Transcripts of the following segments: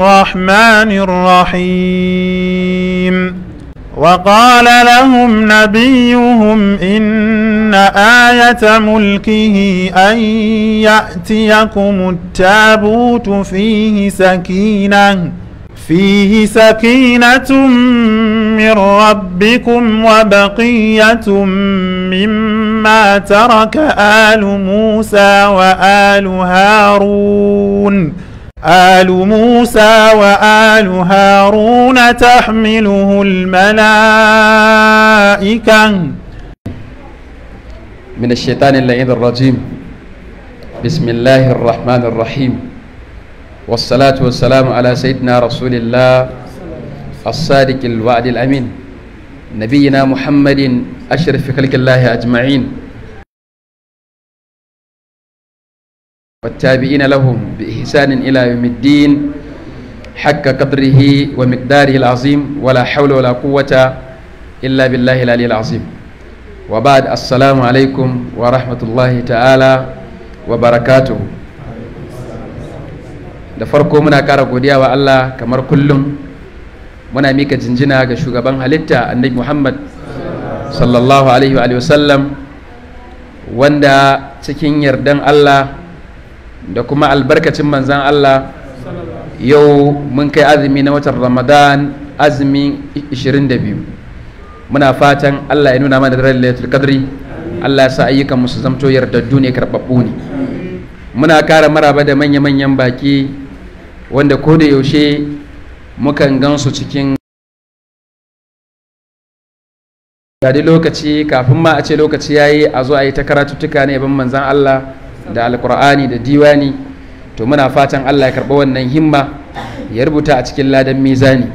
الرحمن الرحيم وقال لهم نبيهم إن آية ملكه أن يأتيكم التابوت فيه سكينة فيه سكينة من ربكم وبقية مما ترك آل موسى وآل هارون آل موسى وآل هارون تحمله الملائكة من الشيطان اللعين الرجيم بسم الله الرحمن الرحيم والصلاة والسلام على سيدنا رسول الله الصادق الوعد الأمين نبينا محمد أشرف خلق الله أجمعين والتابعين لهم بإحسان إلى يوم الدين حق قدره ومقداره العظيم ولا حول ولا قوة إلا بالله العلي العظيم وبعد السلام عليكم ورحمة الله تعالى وبركاته da farko muna ƙara godiya wa Allah kamar kullum muna mika jinjina ga shugaban halitta annabi Muhammad sallallahu alaihi wa sallam wanda cikin yardan Allah da kuma albarkacin manzan Allah yau mun kai azumi na watan ramadan azumi 22 muna fatan Allah ya nuna mana da lailatul kadri Allah ya sa ayyukan musu su zamto yardaddu ne karɓaɓɓu ne muna kara maraba da manya-manyan baki wanda ko da yaushe mukan gansu cikin gadi lokaci kafin ma a ce lokaci yayi a zo a yi ta karatuttuka ne ban manzan Allah da alkur'ani da diwani to muna fatan allah ya karɓa wannan himma ya rubuta a cikin ladan mizani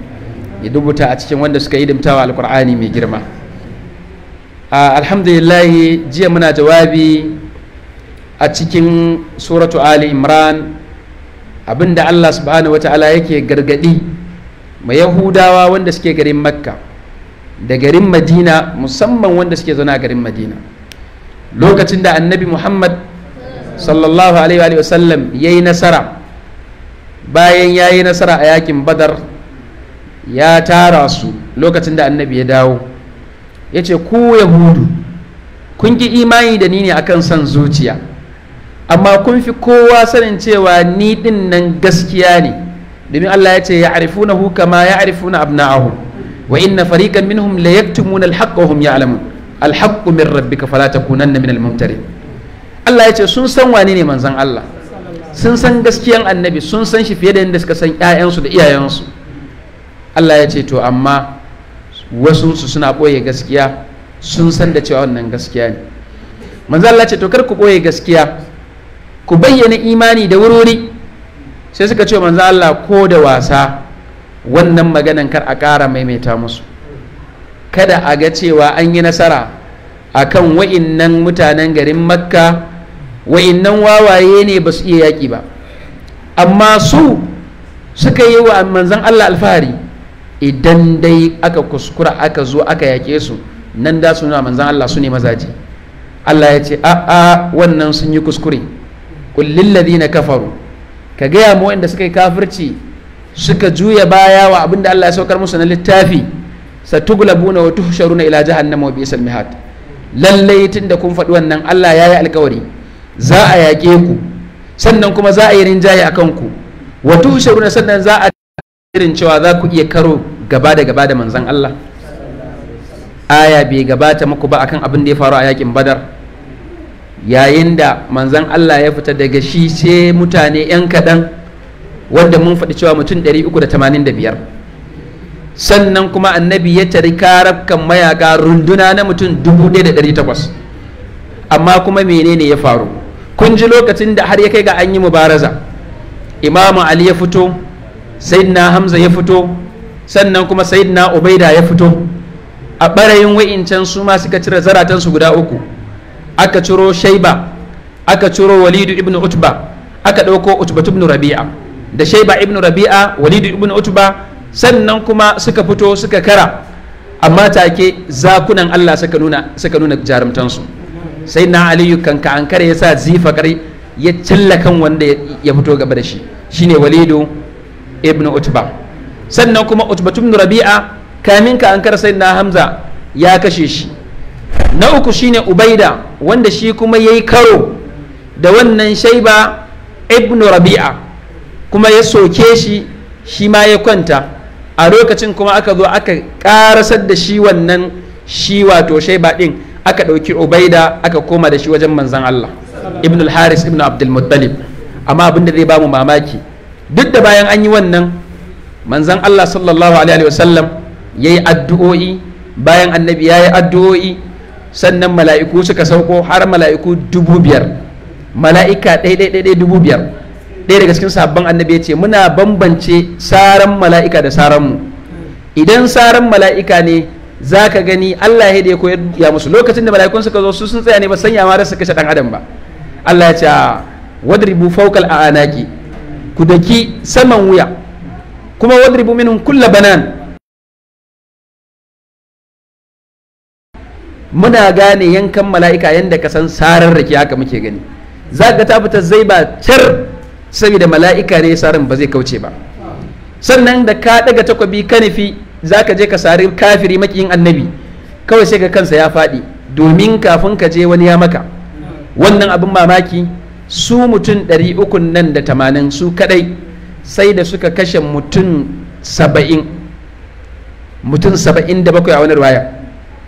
ya rubuta a cikin wanda suka dimtawa alkur'ani mai girma alhamdulillah jiya muna jawabi a cikin suratu ali imran abinda allah subhanahu wa ta'ala yake gargadi ma yahudawa wanda suke garin makka da garin madina musamman wanda suke zana garin madina lokacin da annabi muhammad sallallahu alaihi wasallam ya yi nasara bayan ya yi nasara a yakin badar ya tara su lokacin da annabi ya dawo ya ce ku yahudu kun ki imani da ni ne akan son zuciya amma kun fi kowa sanin cewa ni din nan gaskiya ne domin Allah ya ce ya arifu na kama ya arifu na abna'ahu wa inna fariqan minhum la yaktumuna al-haqqa wa hum ya'lamun al-haqqu min rabbika fala takunanna min al-mumtarin Allah ya ce sun san wani ne manzan Allah sun san gaskiyan annabi sun san shi fiye da yadda suka san ƴaƴansu da iyayensu Allah ya ce to amma wasu su suna ɓoye gaskiya sun san da cewa wannan gaskiya ne manzan Allah ce to kar ku ɓoye gaskiya ku bayyana imani da wuri sai suka ce manzan Allah ko da wasa wannan maganan kar a ƙara maimaita musu kada a ga cewa an yi nasara akan kan wa'innan mutanen garin makka wa'innan wawaye ne ba su iya yaƙi ba amma su suka yi wa manzan Allah alfahari idan dai aka kuskura aka zo aka yaƙe su nan da su nuna manzan Allah su ne mazaje Allah ya ce a'a wannan sun yi kuskure kullin ladina kafaru ka gaya mu wanda suka yi kafirci suka juya baya wa abin da Allah ya saukar musu na littafi satuglabuna wa tuhsharuna ila jahannama wa bi'sal lallai tunda kun faɗi wannan Allah ya yi alkawari za a yaƙe ku sannan kuma za a yi rinjaye a kanku wato shaguna sannan za a irin cewa za ku iya karo gaba da gaba da manzan Allah aya bai gabata muku ba akan abin da ya faru a yakin badar yayin da manzan Allah ya fita daga shi sai mutane 'yan kaɗan wanda mun faɗi cewa mutum 385 sannan kuma annabi ya tari karafkan mayaka runduna na mutum 1800 amma kuma menene ya faru kun ji lokacin da har ya kai ga an yi mubaraza imamu ali ya fito sayyidina hamza ya fito sannan kuma sayyidina ubaida ya fito a ɓarayin wa'incan su ma suka cire zaratansu guda uku aka ciro shaiba aka ciro walidu ibn utba aka ɗauko utba ibn rabi'a da shaiba ibn rabi'a walidu ibn utba sannan kuma suka fito suka kara amma take zakunan allah suka nuna jarumtansu sai na aliyu kanka an kare ya sa zifakar ya cilla kan wanda ya fito gaba da shi shine walidu ibn utba sannan kuma utba ibn rabi'a kamin ka an kare sai na hamza ya kashe shi na uku shine ubaida wanda shi kuma yayi karo da wannan shaiba ibn rabi'a kuma ya soke shi shi ma ya kwanta a lokacin kuma aka zo aka karasar da shi wannan shi wato shaiba din aka ɗauki ubaida aka koma da shi wajen manzan Allah ibn al-haris ibn abdul muttalib amma abin da zai bamu mamaki duk da bayan an yi wannan manzan Allah sallallahu alaihi wasallam ya yi addu'o'i bayan annabi ya yi addu'o'i sannan mala'iku suka sauko har mala'iku dubu biyar mala'ika ɗaiɗaiɗaiɗai dubu biyar ɗaya daga cikin sabon annabi ya ce muna bambance saran mala'ika da saranmu idan saran mala'ika ne za ka gani Allah ya da ya koyar ya musu lokacin da mala'ikun suka zo su sun tsaya ne ba sanya ma da su kashe dan adam ba Allah ya ce ah, wadribu fawqal a'anaki ku daki saman wuya kuma wadribu minhum kulla banan muna gane yankan mala'ika yanda ka san sarar rake haka muke gani za ka ta fita zai ba car saboda mala'ika ne sarin ba zai kauce ba sannan da ka daga takobi kanifi za ka je ka sari kafiri makiyin annabi kawai sai ka kansa ya faɗi domin kafin ka je wani ya maka wannan abin mamaki su mutum ɗari ukun nan da tamanin su kaɗai sai da suka kashe mutum saba'in mutum saba'in da bakwai a wani ruwaya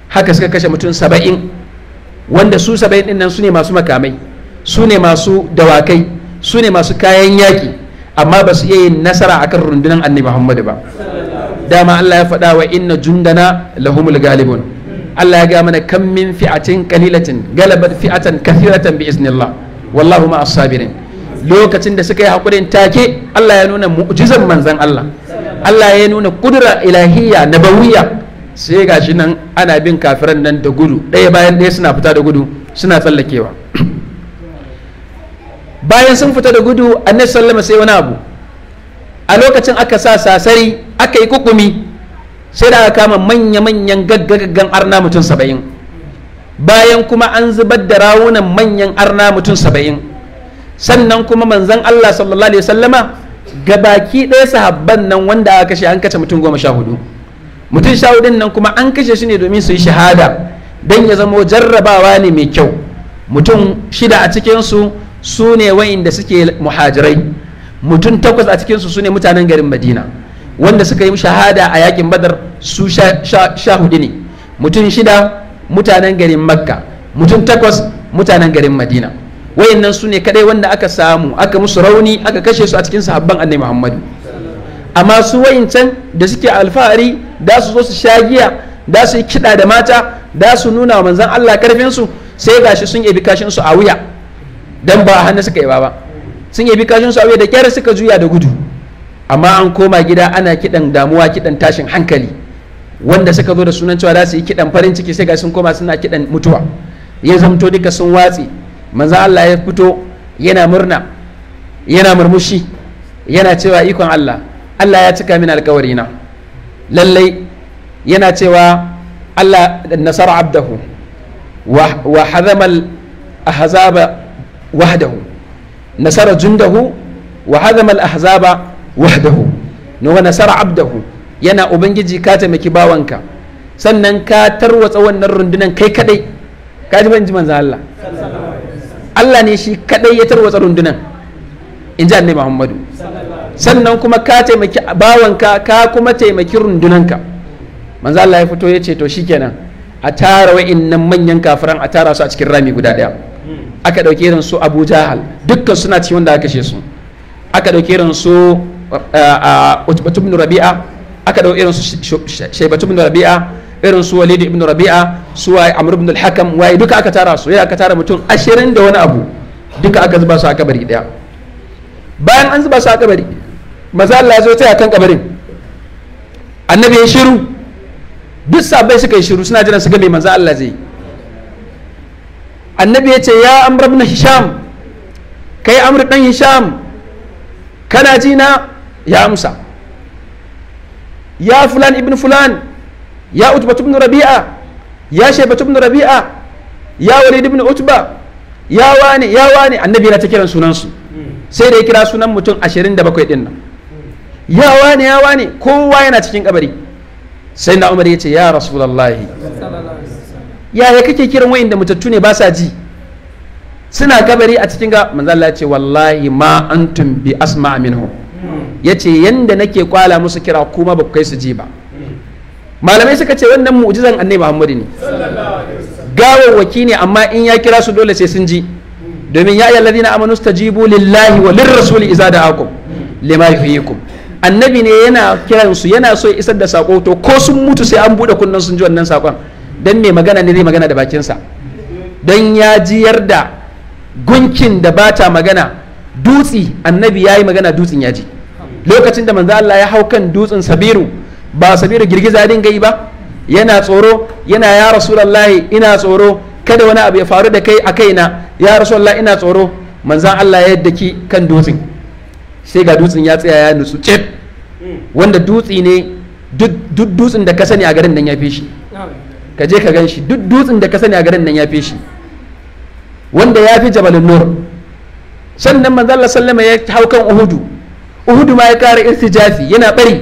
haka suka kashe mutum saba'in wanda su saba'in ɗin nan su ne masu makamai su ne masu dawakai su ne masu kayan yaƙi amma ba su iya yin nasara akan rundunar annabi muhammadu ba dama Allah ya faɗa wa inna jundana lahumul galibun Allah ya ga mana kam min fi'atin qalilatin galabat fi'atan kathiratan bi iznillah wallahu ma'as sabirin lokacin da suka yi hakurin take Allah ya nuna mu'jizan manzan Allah Allah ya nuna kudura ilahiyya nabawiyya sai gashi nan ana bin kafiran nan da gudu ɗaya bayan ɗaya suna fita da gudu suna tsallakewa bayan sun fita da gudu annabi sallama sai wani abu a lokacin aka sa sasari aka yi kukumi sai da aka kama manya-manyan gaggagaggan arna mutum saba'in bayan kuma an zubar da rawunan manyan arna mutum saba'in sannan kuma manzan Allah sallallahu alaihi wasallama ga baki ɗaya sahabban nan wanda aka kashe an kace mutum goma sha hudu mutum sha hudun nan kuma an kashe shi ne domin su yi shahada don ya zamo jarrabawa ne mai kyau mutum shida a cikinsu su ne wa'inda suke muhajirai mutum takwas a cikinsu su ne mutanen garin madina wanda suka yi shahada a yakin badar su sha hudu ne mutum shida mutanen garin makka mutum takwas mutanen garin madina wayannan su ne kadai wanda aka samu aka musu rauni aka kashe su a cikin sahabban annabi muhammadu amma su wayancan da suke alfahari da su zo su sha giya da su yi kiɗa da mata da su nuna wa manzan allah karfinsu sai gashi sun yabi kashin su a wuya dan ba hannu suka yi ba sun yabi kashin su a wuya da kyar suka juya da gudu amma an koma gida ana kiɗan damuwa kiɗan tashin hankali wanda suka zo da sunan cewa za su yi kiɗan farin ciki sai ga sun koma suna kiɗan mutuwa ya zamto duka sun watsi manzo Allah ya fito yana murna yana murmushi yana cewa ikon Allah Allah ya cika min alkawari na lallai yana cewa Allah nasara abdahu wa hazamal ahzaba wahdahu nasara jundahu wa hazamal ahzaba wahdahu wa nasara abdahu yana ubangiji ka taimaki bawanka sannan ka tarwatsa wannan rundunan kai kadai ka ji banji manzo Allah Allah ne shi kadai ya tarwatsa rundunan in ji annabi Muhammadu sannan kuma ka taimaki bawanka ka kuma taimaki rundunanka manzo Allah ya fito ya ce to shikenan a tara wa'innan manyan kafiran a tara su a cikin rami guda daya aka dauke irin su Abu Jahal dukkan suna cikin wanda aka kashe su aka dauke irin su Eh, eh, utbatu ibn rabi'a aka dau irin su shaybatu ibn rabi'a irin su walid ibn rabi'a su waye amr ibn al-hakam waye duka aka tara su ya aka tara mutum ashirin da wani abu duka aka zuba su a kabari daya bayan an zuba su a kabari maza Allah ya zo tsaya kan kabarin annabi ya shiru duk sabai suka yi shiru suna jiran su ga mai manzo Allah zai annabi ya ce ya amr ibn hisham kai amr dan hisham kana ji na ya amsa ya fulan ibn fulan ya utubatu ibn rabi'a ya shaibatu ibn rabi'a ya walid ibn utba ya wani ya wani annabi na ta kiran sunansu sai da ya kira sunan mutum 27 din nan ya wani ya wani kowa yana cikin kabari sai na umar ya ce ya rasulullahi yaya kake kiran wayan da mutattu ne ba sa ji suna kabari a cikin ga manzo Allah ce wallahi ma antum bi asma minhum ya ce yanda nake kwala musu kira kuma ba kai su ji ba malamai suka ce wannan mu'jizan annabi muhammadu ne gawawwaki ne amma in ya kira su dole sai sun ji domin ya yi alladhina amanu stajibu lillahi wa lirrasuli idza da lima yuhyikum annabi ne yana kiran su yana so isar da sako to ko sun mutu sai an buɗe kunnen sun ji wannan sakon dan mai magana ne zai magana da bakinsa don ya jiyar da gunkin da bata magana dutsi annabi ya yi magana dutsin ya ji lokacin da manzo Allah ya hau kan dutsin sabiru ba sabiru girgiza dinga yi ba yana tsoro yana ya rasulullahi ina tsoro kada wani abu ya faru da kai a kaina ya rasulullahi ina tsoro manzo Allah ya yadda ki kan dutsin sai ga dutsin ya tsaya ya nutsu cip wanda dutsi ne duk dutsin da ka sani a garin nan ya fi shi ka je ka gan shi duk dutsin da ka sani a garin nan ya fi shi wanda ya fi jabalin nur sannan manzala sallama ya hau kan uhudu uhudu ma ya kara irtijafi yana bari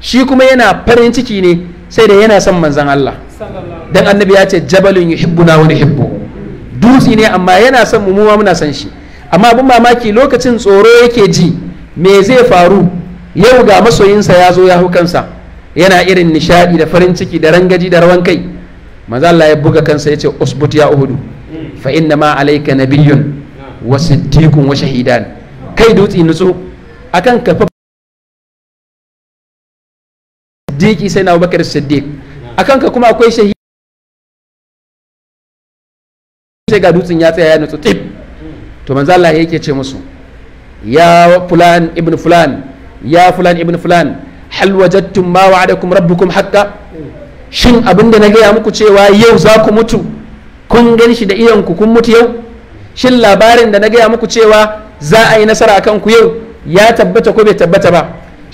shi kuma yana farin ciki ne sai da yana son manzan Allah dan annabi ya ce jabalun yuhibbuna wani hibbu dutsi ne amma yana son mu muwa muna son shi amma abin mamaki lokacin tsoro yake ji me zai faru yau ga masoyinsa ya zo ya hau kansa yana irin nishadi da farin ciki da rangaji da rawan kai mazalla ya buga kansa ya ce usbut ya uhudu fa inna ma alayka nabiyyun wa siddiqun wa shahidan kai dutsi nutsu akan kafa diki sai na Abubakar Siddiq akan ka kuma akwai shahidi sai ga dutsen ya tsaya ya nutsu tip to manzo Allah yake ce musu ya fulan ibn fulan ya fulan ibn fulan hal wajadtum ma wa'adakum rabbukum haqqan shin abinda na gaya muku cewa yau za ku mutu kun gan shi da iyanku kun mutu yau shin labarin da na gaya muku cewa za a yi nasara akan ku yau ya tabbata ko bai tabbata ba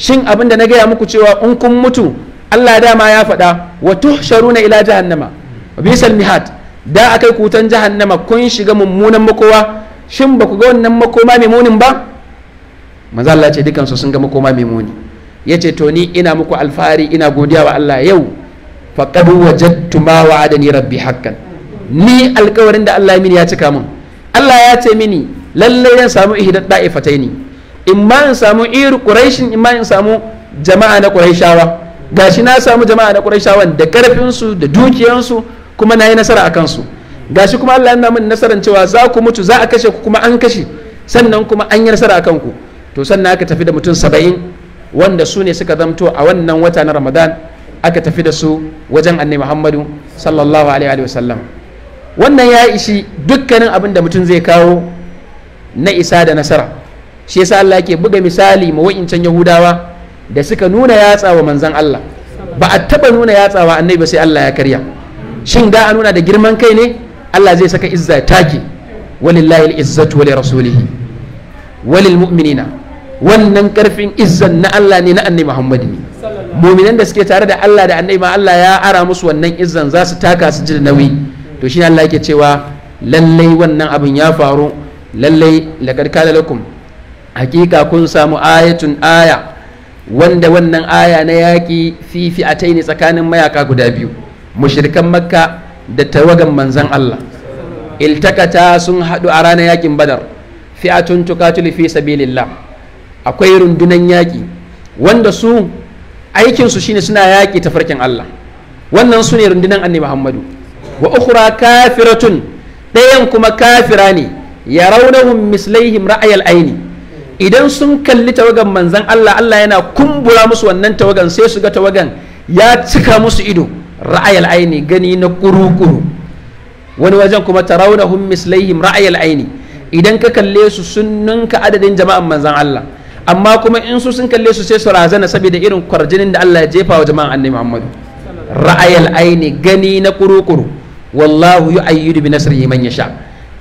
shin abin da na gaya muku cewa in kun mutu Allah dama ya faɗa wa tuhsharuna ila jahannama bisal mihad da akai kutan jahannama kun shiga mummunan makowa shin ba ku ga wannan makoma mai munin ba manzo Allah ce dukan su sun ga makoma mai muni yace to ni ina muku alfahari ina godiya wa Allah yau faqad wajadtu da ni rabbi hakan. ni alkawarin da Allah ya mini ya cika mun Allah ya ce mini lalle zan samu ihdad da'ifataini in ma in samu iru quraishin in ma in samu jama'a na quraishawa gashi na samu jama'a na quraishawan da karfin da dukiyan su na yi nasara akan su gashi kuma Allah ya min nasaran cewa za ku mutu za a kashe ku kuma an kashe sannan kuma an yi nasara akan ku to sannan aka tafi da mutum saba'in wanda su ne suka zamto a wannan wata na ramadan aka tafi da su wajen annabi muhammadu sallallahu alaihi wa sallam wannan ya ishi dukkanin abin da mutum zai kawo na isa da nasara shi yasa Allah ke buga misali ma wa'incan yahudawa da suka nuna yatsawa manzan Allah ba a taba nuna yatsawa annabi ba sai Allah ya karya shin da a nuna da girman kai ne Allah zai saka izza take walillahi izzatu wa rasulihi walil mu'minina wannan karfin izzan na Allah ne na annabi Muhammad ne mu'minan da suke tare da Allah da annabi ma Allah ya ara musu wannan izzan za su taka su ji da nauyi to shi Allah yake cewa lallai wannan abin ya faru lallai laqad kana lakum hakika kun samu ayatun aya wanda wannan aya na yaƙi fi taini tsakanin mayaka guda biyu mushrikan makka da tawagan manzan Allah iltakata sun hadu a ranar yakin badar fi'atun tukatul fi sabilillah akwai rundunan yaki wanda su aikinsu shine suna yaƙi ta farkin Allah wannan su ne rundunan annabi Muhammadu wa ukhra kafiratun ɗayan kuma kafira ne ya raunahum mislaihim ra'ayal aini idan sun kalli tawagan manzan Allah Allah yana kumbura musu wannan tawagan sai su ga tawagan ya cika musu ido ra'ayal aini gani na kuru-kuru wani wajen kuma taraunahum mislaihim ra'ayal aini idan ka kalle su sun ninka adadin jama'an manzan Allah amma kuma in su sun kalle su sai su razana saboda irin kwarjinin da Allah ya jefa wa jama'an annabi Muhammadu ra'ayal aini gani na kuru-kuru wallahu yu'ayyidu bi nasrihi man yasha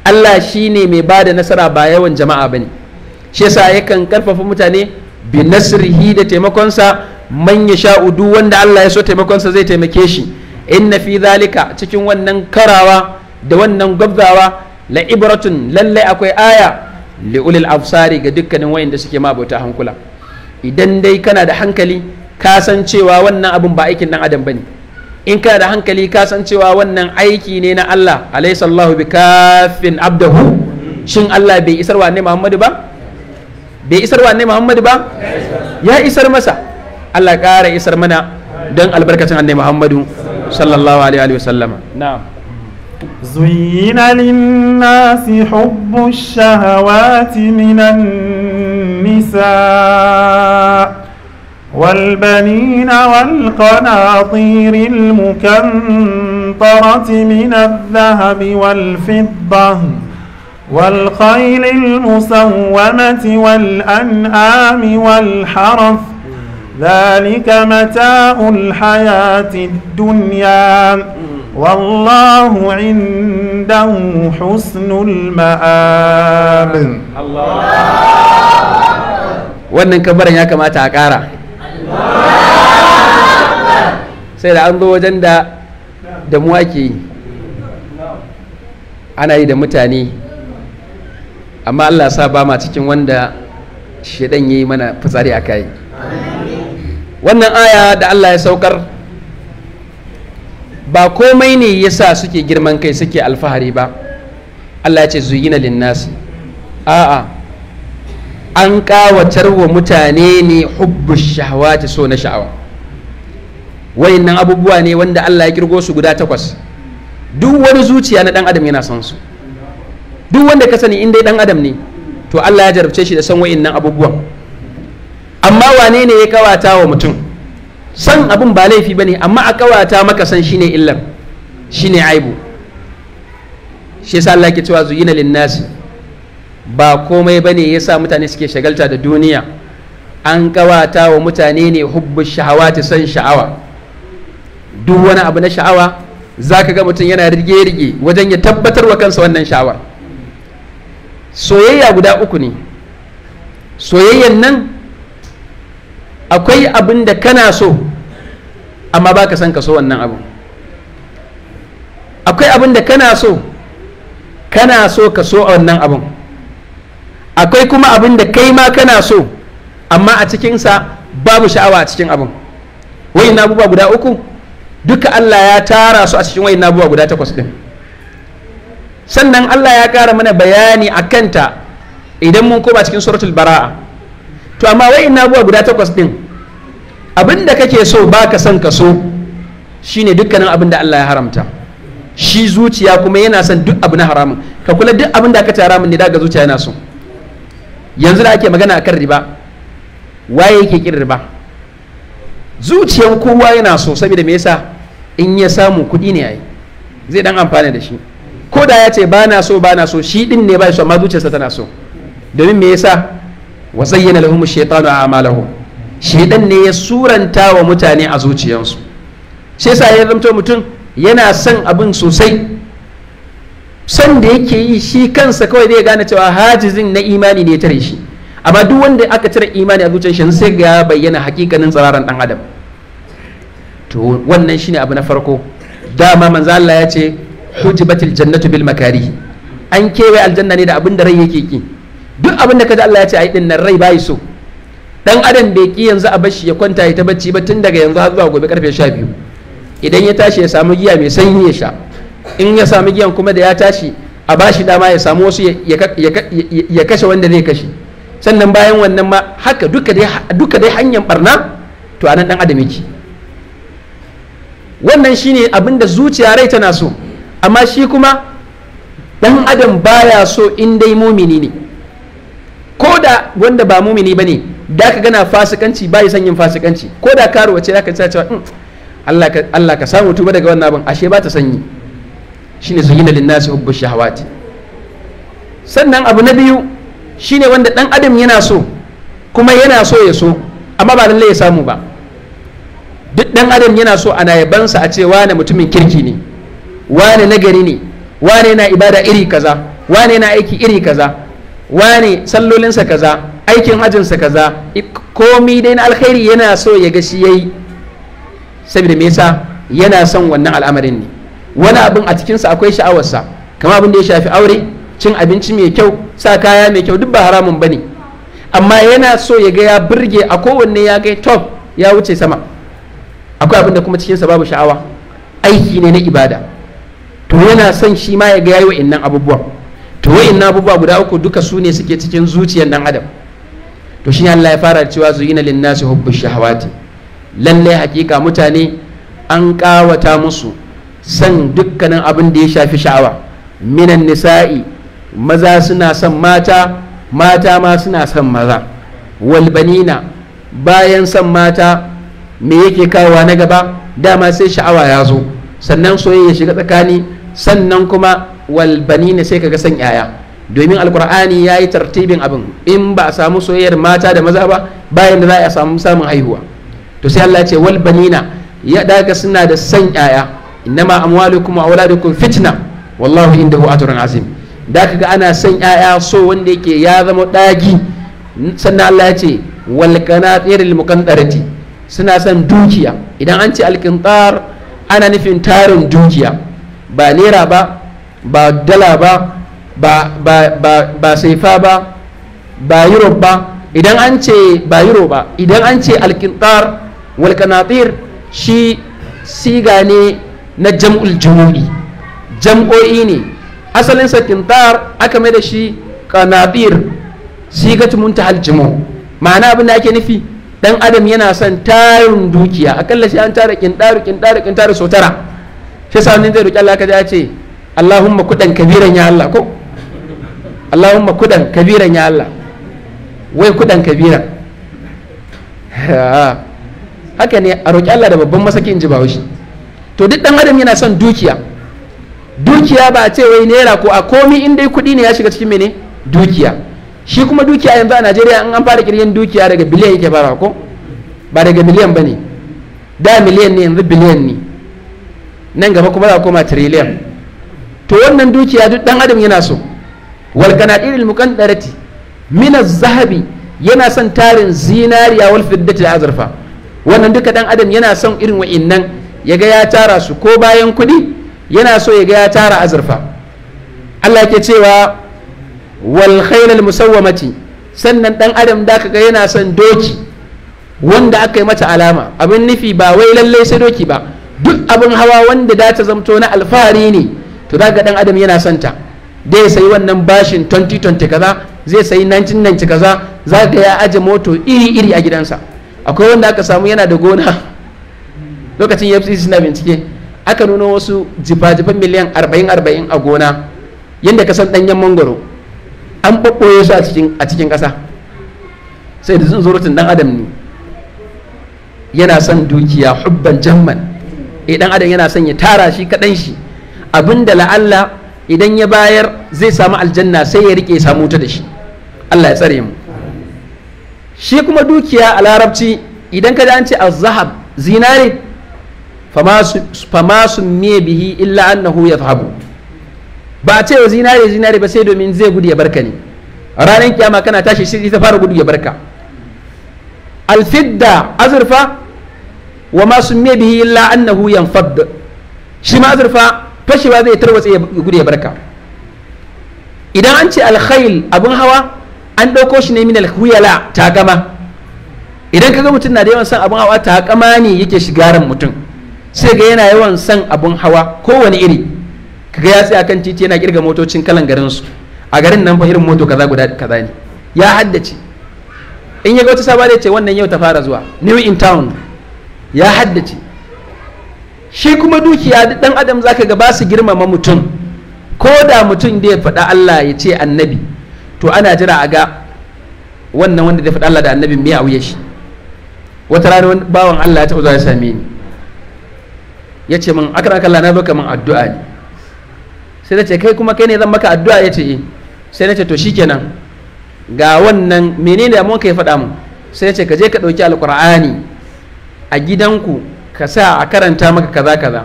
Allah shine mai ba da nasara ba yawan jama'a bane shi yasa yakan karfafa mutane bi nasrihi da taimakonsa manya sha udu wanda Allah ya so taimakonsa zai taimake shi inna fi zalika cikin wannan karawa da wannan gwabzawa la ibratun lallai akwai aya li ulil absari ga dukkanin wayanda suke mabota hankula idan dai kana da hankali ka san cewa wannan abin ba aikin dan adam bane in kana da hankali ka san cewa wannan aiki ne na Allah alaysa bi kafin abdahu shin Allah bai isar wa ne muhammadu ba bai isar wa ne Muhammadu ba ya isar masa Allah kara isar mana don albarkacin annabi Muhammadu sallallahu alaihi wa sallama na'am زين للناس حب الشهوات من النساء والبنين والقناطير المكنطرة من الذهب والفضة والخيل المسومة والأنعام والحرث ذلك متاع الحياة الدنيا والله عنده حسن المآب الله wannan kabarin ya kamata sai da an zo wajen da da mu ake ana yi da mutane amma allah sa ba ma cikin wanda shaidan ya yi mana fitsari a kai wannan aya da allah ya saukar ba komai ne ya sa suke girman kai suke alfahari ba allah ya ce na linnasi a'a an ƙawatar wa mutane ne hubbu shahawati so na sha'awa wayannan abubuwa ne wanda Allah ya kirgo su guda takwas duk wani zuciya na dan adam yana son su duk wanda ka sani in dai dan adam ne to Allah ya jarabce shi da san wayannan abubuwan amma wane ne ya kawata wa mutum san abin ba laifi ba ne, amma a kawata maka san shine illar shine aibu shi yasa Allah zuyina ba komai ba ne ya sa mutane suke shagalta da duniya an kawata wa mutane ne hubbu ta son sha'awa duk wani abu na sha'awa za ka ga mutum yana rige-rige wajen ya tabbatar wa kansa wannan sha'awar soyayya guda uku ne soyayyan nan akwai abin da kana so amma ba ka san ka so wannan abu akwai abin da kana so kana so ka so a wannan abin akwai kuma abin da kai ma kana so amma a cikinsa babu sha'awa a cikin abin wayin abubuwa guda uku duka Allah ya tara su a cikin wayin abubuwa guda takwas din sannan Allah ya kara mana bayani a kanta idan mun koma cikin suratul bara'a to amma wayin abubuwa guda takwas din abin da kake so baka son ka so shine dukkanin abin da Allah ya haramta shi zuciya kuma yana son duk abu na haramun ka kula duk abin da aka tara mun ne daga zuciya yana so yanzu da ake magana akan riba waye yake kin riba zuciyar kowa yana so saboda me yasa in ya samu kuɗi ne ai zai dan amfana da shi ko da ya ce bana so bana so shi din ne ba shi amma zuciyarsa tana so domin me yasa wa zayyana lahum shaytanu shi shaytan ne ya suranta wa mutane a zuciyarsu shi yasa ya zamto mutum yana son abin sosai son da yake yi shi kansa kawai zai gane cewa hajizin na imani ne ya tare shi amma duk wanda aka cire imani a zuciyar shi sai ga bayyana hakikanin tsararan dan adam to wannan shine abu na farko dama manzo Allah ya ce hujibatil jannatu bil makari an kewaye aljanna ne da abin da rai yake ki duk abin da kaji Allah ya ce ai din rai bai so dan adam bai ki yanzu a bashi ya kwanta ya ta bacci ba tun daga yanzu har zuwa gobe karfe 12 idan ya tashi ya samu giya mai sanyi ya sha in ya sami giyan kuma da ya tashi a bashi dama ya samu wasu ya kashe wanda zai kashe sannan bayan wannan ma haka duka dai hanyar barna to anan dan adam yake wannan shine abin da zuciya rai tana so amma shi kuma dan adam baya so in dai mumini ne ko da wanda ba mumini bane da ka gana fasikanci bai son yin fasikanci ko da karuwa ce ka cewa hmm, Allah ka samu tuba daga wannan abin ashe ba ta sanyi shine zuyina linnasi hubbu shahawati sannan abu na biyu shine wanda dan adam yana so kuma yana so ya so amma ba lallai ya samu ba duk dan adam yana so ana yabansa a ce wane mutumin kirki ne wane nagari ne wane yana ibada iri kaza wane yana aiki iri kaza wane sallolinsa kaza aikin hajjinsa kaza komi dai na alkhairi yana so ya ga shi yayi saboda me yasa yana son wannan al'amarin ne wani abin a cikinsa akwai sha'awarsa kama abin da ya shafi aure cin abinci mai kyau sa kaya mai kyau duk ba haramun bane amma yana so ya ga ya burge a kowanne ya ga top ya wuce sama akwai abin da kuma cikinsa babu sha'awa aiki ne na ibada to yana son shi ma ya ga yayi wa'annan abubuwan to wa'annan abubuwa guda uku duka su ne suke cikin zuciyar dan adam to shi Allah ya fara cewa zuyina linnasi hubbu shahawati lallai hakika mutane an kawata musu san dukkanin abin da ya shafi sha'awa minan nisa'i maza suna son mata mata ma suna son maza walbanina bayan son mata me yake kawowa na gaba dama sai sha'awa ya zo sannan soyayya shiga tsakani sannan kuma walbanina sai kaga son yaya domin alkur'ani ya yi tartibin abin in ba a samu soyayyar mata da maza ba bayan da za a samu samun haihuwa to sai Allah ce walbanina ya daga suna da son yaya innama amwalukum wa auladukum fitna wallahu indahu ajrun azim da kaga ana son yaya so wanda yake ya zama dagi sannan Allah ya ce wal qanatiril muqantarati suna son dukiya idan an ce alqintar ana nufin tarin dukiya ba naira ba ba dala ba ba ba ba, ba saifa ba ba euro ba idan an ce ba euro ba idan an ce alqintar wal qanatir shi siga ne na jam'ul junubi jam'o'i ne asalin sakintar aka mai da shi kanadir sigatu muntahal aljimu ma'ana abin da ake nufi dan adam yana son tarin dukiya akalla shi an tara kindaru kindaru kindaru so tara shi sa wani zai roki Allah ka ya ce Allahumma kudan kabiran ya Allah ko Allahumma kudan kabiran ya Allah wai kudan kabira haka ne a roki Allah da babban masakin in ji bawo shi to duk dan adam yana son dukiya dukiya ba a ce wai naira ko a komi in dai kuɗi ne ya shiga cikin mene dukiya shi kuma dukiya yanzu a najeriya an an fara kirgin dukiya daga biliyan yake fara ko ba daga miliyan ba ne da miliyan ne yanzu biliyan ne nan gaba kuma za a koma triliyan to wannan dukiya duk dan adam yana so wal kanadiril muqaddarati min az-zahabi yana son tarin zinariya wal fiddati azurfa wannan duka dan adam yana son irin wa'innan ya ga ya tara su ko bayan kuɗi yana so ya ga ya tara azurfa Allah ke cewa wal khailal musawwamati sannan dan adam da kaga yana son doki wanda aka yi mata alama abin nufi ba wai lalle sai doki ba duk abin hawa wanda da ta zamto na alfahari ne to zaka dan adam yana son ta da ya sayi wannan bashin 2020 kaza zai sayi 1990 kaza zaka ya aje moto iri iri a gidansa akwai wanda aka samu yana da gona lokacin fi suna bincike aka nuna wasu jifa-jifan miliyan 40-40 a gona yadda kasan ɗanyen mangoro an ɓaɓɓoye su a cikin ƙasa sai da zurutun ɗan adam ne yana son dukiya hubban jamman idan eh, adam yana son ya tara shi kaɗan shi abinda la'alla idan ya bayar zai samu aljanna sai ya riƙe samu ta da shi allah ya tsare mu shi kuma dukiya a larabci idan ka an ce a zahab zinare fama sun miye bihi illa annahu ya fahabu ba a ce wa zinare zinare ba sai domin zai gudu ya barka ne ranar kyama kana tashi shi ta fara gudu ya barka alfidda azurfa wa masu sun miye bihi illa annahu yanfad shi ma azurfa fashewa zai tarwatse ya gudu ya barka idan an ce alkhail abin hawa an ɗauko shi ne min alhuyala ta gama idan kaga mutum na da yawan son abin hawa ta gama ne yake shigaran mutum sai ga yana yawan son abun hawa kowane iri kaga ya sai akan titi yana kirga motocin kalan garin su a garin nan fa irin moto kaza guda kaza ne ya haddace in ya ga wata sabuwa ce wannan yau ta fara zuwa new in town ya haddace shi kuma dukiya dan adam zaka ga ba su girmama mutum ko da mutum da ya faɗa Allah ya ce annabi to ana jira a ga wannan wanda da faɗa Allah da annabi me a wuya shi wata rana bawan Allah ya taɓa zuwa ya same ni ya ce min akar akalla na baka min addu'a ne sai na ce kai kuma kai ne zan maka addu'a ya ce eh. sai na ce to shikenan ga wannan menene da ka ya faɗa mu sai ya ce ka je ka ɗauki alƙur'ani a gidanku ka sa a karanta maka kaza kaza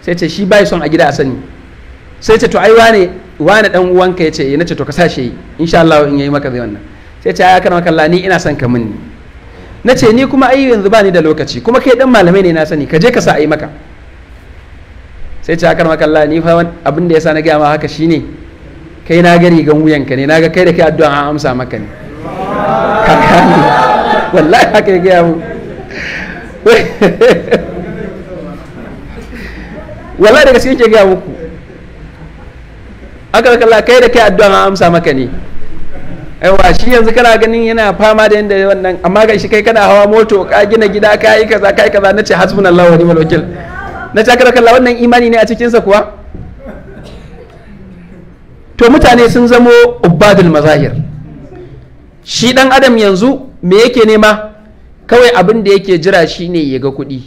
sai ce shi bai son a gida a sani sai ce to ai wane wane dan uwanka ya ce eh. ce to ka sa shi insha Allah in yayi maka zai wannan sai ce ai akar Allah ni ina son ka min ne na ce ni kuma ai yanzu ba ni da lokaci kuma kai dan malamai ne na sani ka je ka sa ai maka sai ce hakan makalla ni fa abin da yasa na gaya ma haka shine kai na ga rigan wuyanka ne na ga kai da kai addu'a an amsa maka ne wallahi haka ya gaya mu wallahi daga cikin ke gaya muku haka makalla kai da kai addu'a an amsa maka ne yawa shi yanzu kana ganin yana fama da yanda wannan amma ga shi kai kana hawa moto ka gina gida ka yi kaza ka yi kaza na ce hasbunallahu wa ni'mal wakil na cakar kalla wannan imani ne a cikinsa kuwa to mutane sun zamo ubadul mazahir shi dan adam yanzu me yake nema kawai abin da yake jira shi ne ya ga kuɗi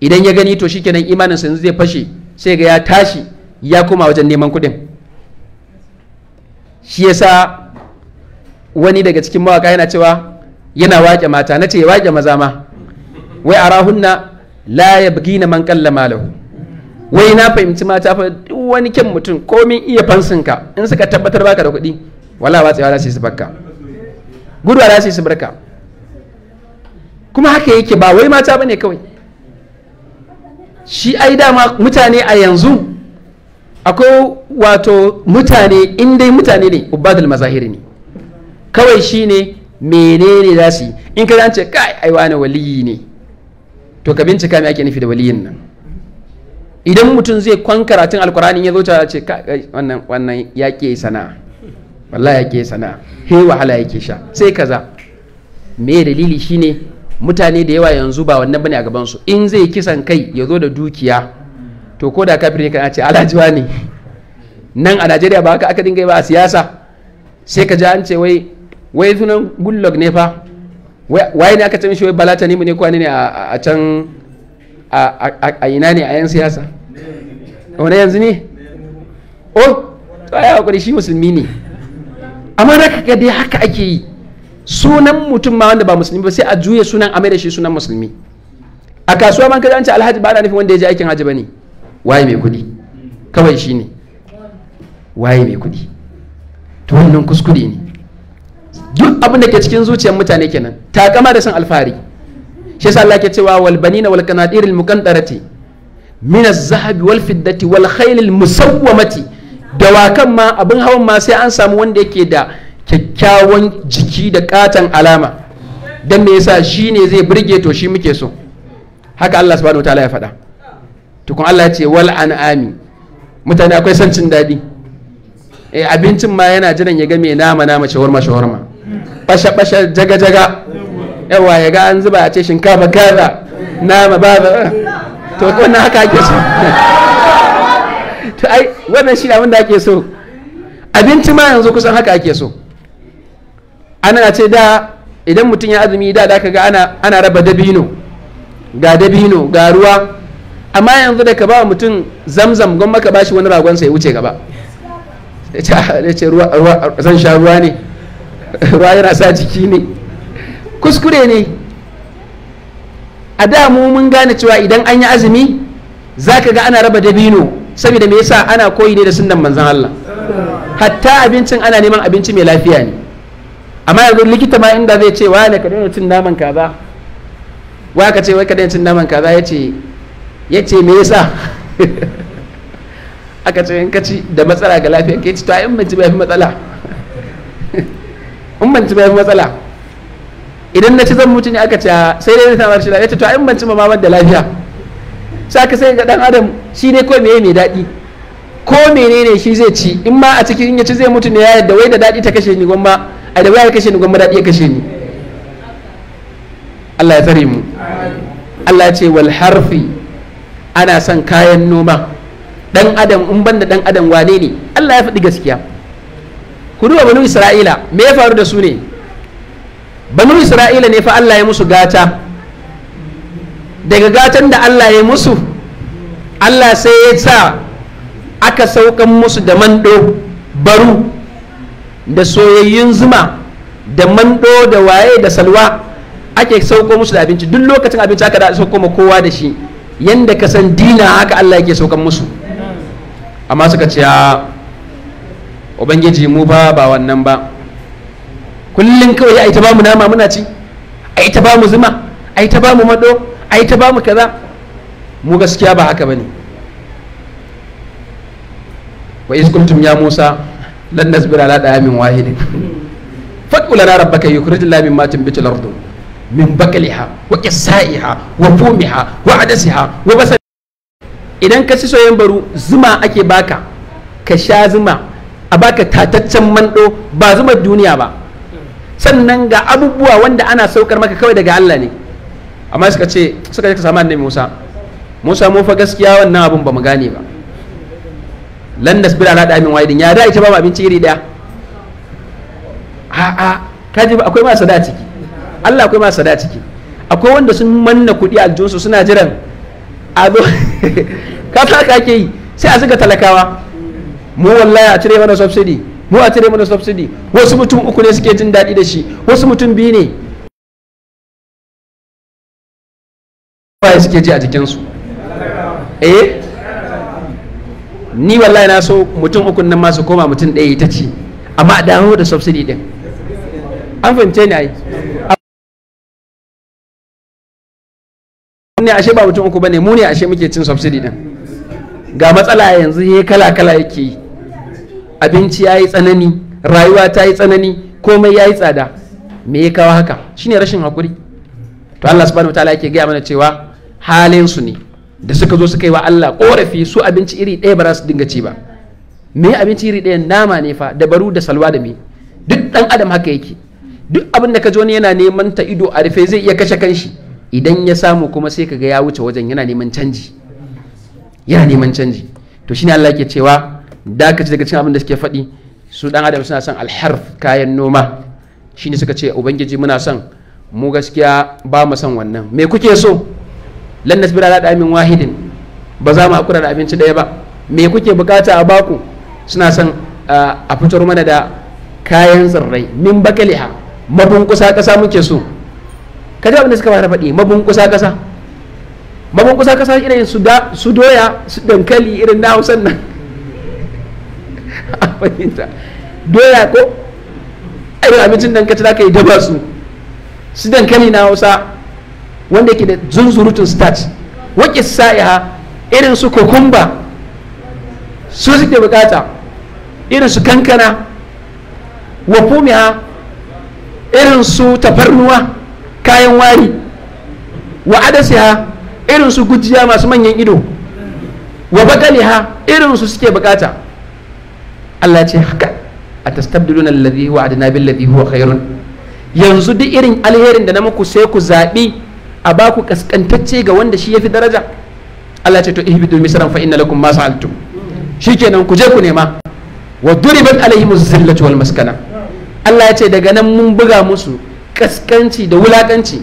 idan ya gani to shikenan imanin sa zai fashe sai ga ya tashi ya koma wajen neman kuɗin shi yasa wani daga cikin mawaka yana cewa yana wake mata na ce ya wake maza ma wai arahunna la na man qalla malahu wai na fahimci mata fa duk wani kyan mutum komin iya fansinka in suka tabbatar baka da kuɗi wala watsewa za su yi su barka gudwa za su barka kuma haka yake ba wai mata bane kawai shi ai dama mutane a yanzu akwai wato mutane in dai mutane ne ubadul mazahiri ne kawai shine menene za su yi in ka zance kai ai wani waliyi ne to ka bincika me ake nufi da waliyin nan idan mutum zai kwan karatun alkurani ya zo ta ce wannan ya ke sana'a wallahi ya ke sana'a he wahala yake sha sai kaza me dalili shine mutane da yawa yanzu ba wannan bane a gaban su in zai kisan kai ya zo da dukiya to ko da kafir ne kana ce alajiwa ne nan a Najeriya ba haka aka dinga yi ba a siyasa sai ka ji an ce wai wai sunan gullog ne fa waye ne aka ce mishi wai balata ne mu ne kwani ne a can a ina ne a yan siyasa wani yanzu ne oh to ya hakuri shi musulmi ne amma da ka dai haka ake yi sunan mutum ma wanda ba musulmi ba sai a juya sunan a da shi sunan musulmi a kasuwa man ka an ce alhaji ba na nufin wanda ya je aikin Haji ba ne waye mai kuɗi kawai shi ne waye mai kuɗi to wannan kuskure ne duk abin da ke cikin zuciyar mutane kenan ta kama da san alfahari shi yasa Allah ke cewa wal banina wal kanadiril muqantarati min az-zahabi wal fiddati wal khaylil musawwamati wakan ma abin hawan ma sai an samu wanda yake da kyakkyawan jiki da katan alama dan me yasa shine zai burge to shi muke so haka Allah subhanahu wataala ya faɗa tukun Allah ya ce wal an'ami mutane akwai son cin daɗi eh, abincin ma yana jiran ya ga mai nama nama shawarma shawarma ɓasha-ɓasha jaga-jaga yawa ya ga an zuba a ce shinkafa kaza nama ba to wannan haka ake so to ai wannan shi abin da ake so abinci ma yanzu kusan haka ake so ana ce da idan mutum ya azumi da da ga ana ana raba dabino ga dabino ga ruwa amma yanzu da ka ba mutum zamzam gon ba bashi wani ragon sai wuce gaba ya ce ah, ruwa zan sha ruwa ne ruwa yana sa jiki ne kuskure ne a da mu mun gane cewa idan an yi azumi za ka ga ana raba dabino saboda me yasa ana koyi ne da sunnan manzan Allah hatta abincin ana neman abinci mai lafiya ne amma yanzu likita ma inda zai ce wane ka daina cin naman kaza wa ka ce wai ka daina cin naman kaza yace yace ya me yasa aka ce in ka ci da matsala ga lafiyar ka ya to a in mace bai fi matsala in ban ci ba matsala idan na ci zan mutu ne aka ce ah, sai dai na samar shi lafiya to in ban ci ba ma da lafiya sai ka sai ga dan adam shi ne ko meye mai daɗi ko menene shi zai ci in ma a cikin ya ci zai mutu ne ya yadda wai da daɗi ta kashe ni gwamma a da wai kashe ni gwamma daɗi ya kashe ni Allah ya tsare mu Allah ya ce wal harfi ana son kayan noma dan adam in banda dan adam wane ne Allah ya faɗi gaskiya ku duba banu isra'ila me ya faru da su ne banu isra'ila ne fa Allah ya musu gata daga gatan da Allah ya musu Allah sai ya sa aka saukan musu da mando baru da soyayyun zuma da mando da waye da salwa ake sauko musu da abinci duk lokacin abinci aka da sauko ma kowa da shi yanda ka san dina haka Allah yake saukan musu amma suka ce ubangiji mu ba ba wannan ba kullum kawai ai ta bamu nama muna ci ai ta bamu zuma ai ta bamu mado ai ta bamu kaza mu gaskiya ba haka bane wa iz kuntum ya musa lan nasbira ala da'amin wahidin fad'u lana rabbaka yukhrij lana mimma tunbitu al-ardu min bakliha wa qisaiha wa fumiha wa adasiha wa basa idan ka ci soyayyen baro zuma ake baka ka sha zuma a baka tataccen mando ba zubar duniya ba sannan ga abubuwa wanda ana saukar maka kawai daga Allah ne amma suka ce suka ka samu annabi Musa Musa mu fa gaskiya wannan abun ba mu gane ba lan nasbira ala damin din ya da ita ba abinci iri daya a a kaji akwai ma sada ciki Allah akwai ma sada ciki akwai wanda sun manna kuɗi aljunsu suna jiran a zo ka ake yi sai a zuga talakawa mu wallahi a cire mana subsidy mu a cire mana subsidy wasu mutum uku ne suke jin daɗi da shi wasu mutum biyu ne waye suke ji a jikinsu eh ni wallahi na so mutum uku nan ma su koma mutum ɗaya ita ce amma a dawo da subsidy din an fahimce ni ai ne ashe ba mutum uku bane mu ne ashe muke cin subsidy din ga matsala yanzu he kala kala yake yi abinci ya yi tsanani rayuwa ta yi tsanani komai ya yi tsada me ya kawo haka shine rashin hakuri to Allah subhanahu wataala yake gaya mana cewa halin su ne da suka zo suka yi wa Allah korafi su abinci iri ɗaya ba za su dinga ci ba me abinci iri ɗaya nama ne fa da baru da salwa da me duk dan adam haka yake duk abin da ka ji wani yana neman ta ido a rufe zai iya kashe kanshi idan ya samu kuma sai ka ga ya wuce wajen yana neman canji yana neman canji to shine Allah yake cewa da daga cikin abin da suke faɗi su dan adam suna son alharf kayan noma shi ne suka ce ubangiji muna son mu gaskiya ba mu son wannan me kuke so lan nasbira da amin wahidin ba za mu hakura da abinci daya ba me kuke bukata a baku suna son ah, a fitar mana da kayan tsirrai min bakaliha mabunkusa kasa muke so kaji abin da suka fara faɗi mabunkusa kasa mabunkusa kasa irin su doya su dankali irin na hausan nan fahimta doya ko irin abincin da kaci zaka yi daba su su dankali na hausa wanda yake da zunzurutun starch waki sa'iha irin su kokumba su suke bukata irin su kankana wa fumiha irin su tafarnuwa kayan wari wa adasiha irin su gujiya masu manyan ido wa bakaliha irin su suke bukata Allah ce haka a tastabdiluna alladhi wa adana bil ladhi huwa khairun yanzu duk irin alherin da na muku sai ku zabi a baku kaskantacce ga wanda shi yafi daraja Allah ce to ihbidu misran fa inna lakum ma sa'altum shikenan ku je ku nema wa duribat alaihimuz zillatu wal maskana Allah ya ce daga nan mun buga musu kaskanci da wulakanci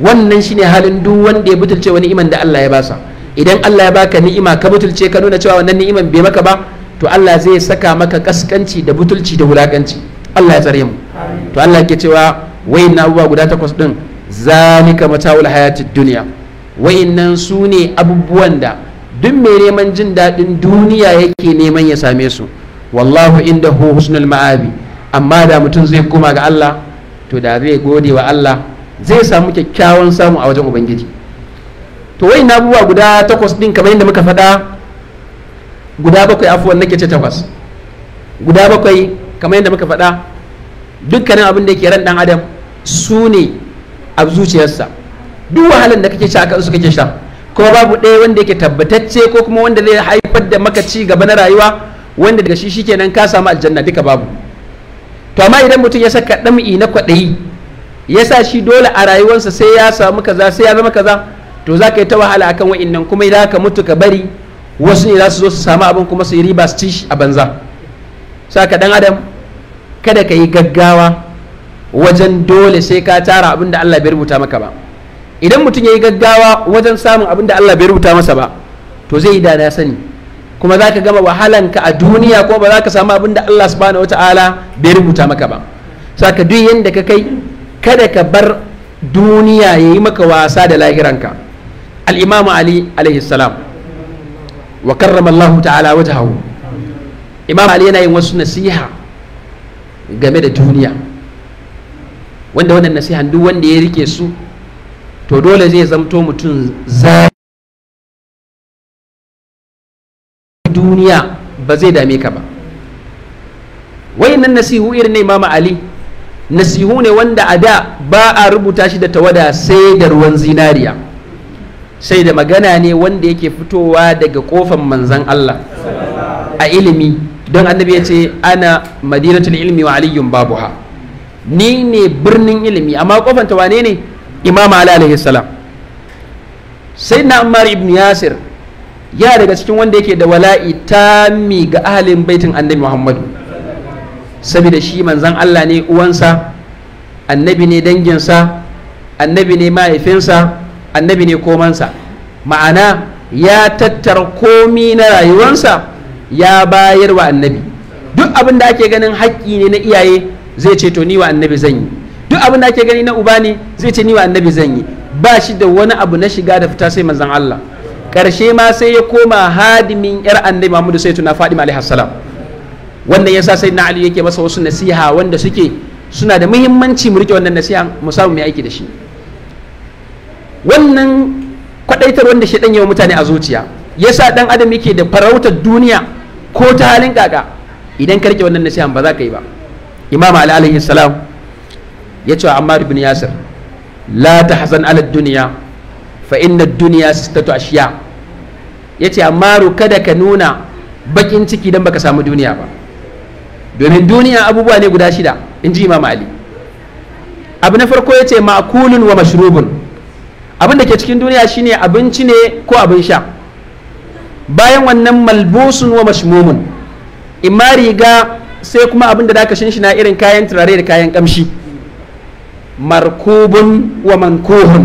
wannan shine halin duk wanda ya butulce wani iman da Allah ya basa idan Allah ya baka ni'ima ka butulce ka nuna cewa wannan ni'iman bai maka ba to Allah zai saka maka kaskanci da butulci da wulakanci Allah ya tsare mu to Allah ke cewa na abubuwa guda takwas din zalika mata'ul hayatid dunya nan su ne abubuwan da duk mai neman jin daɗin duniya yake neman ya same su wallahu inda husnul ma'abi amma da mutum zai koma ga Allah to da zai gode wa Allah zai samu kyakkyawan samu a wajen ubangiji to na abubuwa guda takwas din kamar yadda muka faɗa guda bakwai afuwan nake ce takwas guda bakwai kamar yadda muka faɗa dukkanin abin da ke ran dan adam su ne a zuciyarsa duk wahalar da kake sha kan su kake sha ko babu ɗaya wanda yake tabbatacce ko kuma wanda zai haifar da maka ci gaba na rayuwa wanda daga shi shikenan ka samu aljanna duka babu to amma idan mutum ya saka ɗam'i na kwaɗayi ya sa shi dole a rayuwarsa sai ya samu kaza sai ya zama kaza to za ka yi ta wahala akan wa'innan kuma idan ka mutu ka bari wasu ne za su zo su samu abin kuma su yi riba su ci a banza ka dan adam kada ka yi gaggawa wajen dole sai ka tara abin da Allah bai rubuta maka ba idan mutum ya yi gaggawa wajen samun abin da Allah bai rubuta masa ba to zai yi dana sani kuma za ka gama ka a duniya ko ba za ka samu abin da Allah subhanahu wata'ala bai rubuta maka ba sa ka duk yadda ka kai kada ka bar duniya ya yi maka wasa da lahiranka al-imamu ali alaihi salam wa karrama Allah ta'ala wajhahu imam ali yana yin wasu nasiha game da duniya wanda wannan nasihan duk wanda ya rike su to dole zai zamto mutum za duniya ba zai dame ka ba wayannan nasihu irin ne imam ali nasihu ne wanda a da ba a rubuta shi da tawada sai da ruwan zinariya sai da magana ne wanda yake fitowa daga kofan manzan Allah a ilimi don annabi ya ce ana madinatul ilimi wa aliyun babuha ni ne birnin ilimi amma kofan ta wane ne imam ali alaihi salam sai na ammar ibn yasir ya daga cikin wanda yake da wala'i tami ga ahalin baitin annabi muhammadu saboda shi manzan Allah ne uwansa annabi ne danginsa annabi ne mahaifinsa annabi ne komansa ma'ana ya tattara komi na rayuwansa ya bayar wa annabi duk abin da ake ganin haƙƙi ne na iyaye zai ce to ni wa annabi zan yi duk abin da ake gani na uba ne zai ce ni wa annabi zan yi ba shi da wani abu na shiga da fita sai manzon Allah ƙarshe ma sai ya koma hadimin yar annabi Muhammadu sai tuna Fadima alaihi salam wannan yasa sai na Ali yake masa wasu nasiha wanda suke suna da muhimmanci mu rike wannan nasiha mu samu mai aiki da shi wannan kwadaitar wanda shi yi yawa mutane a zuciya ya sa ɗan adam yake da farautar duniya ko ta halin kaka idan karki wannan nasihan ba za ka yi ba imam ali alaihi salam ya ce amma ibn yasir la ta hasan ala duniya fa inna dunya sittatu ashiya yace amma kada ka nuna bakin ciki dan baka samu duniya ba domin duniya abubuwa ne guda shida in ji imam ali abu na farko ya ce ma'kulun wa mashrubun abin da ke cikin duniya shi ne abinci ne ko abin sha bayan wannan malbusun wa mashmumun imma riga sai kuma abin da zaka shin na irin kayan turare da kayan kamshi markubun wa mankuhun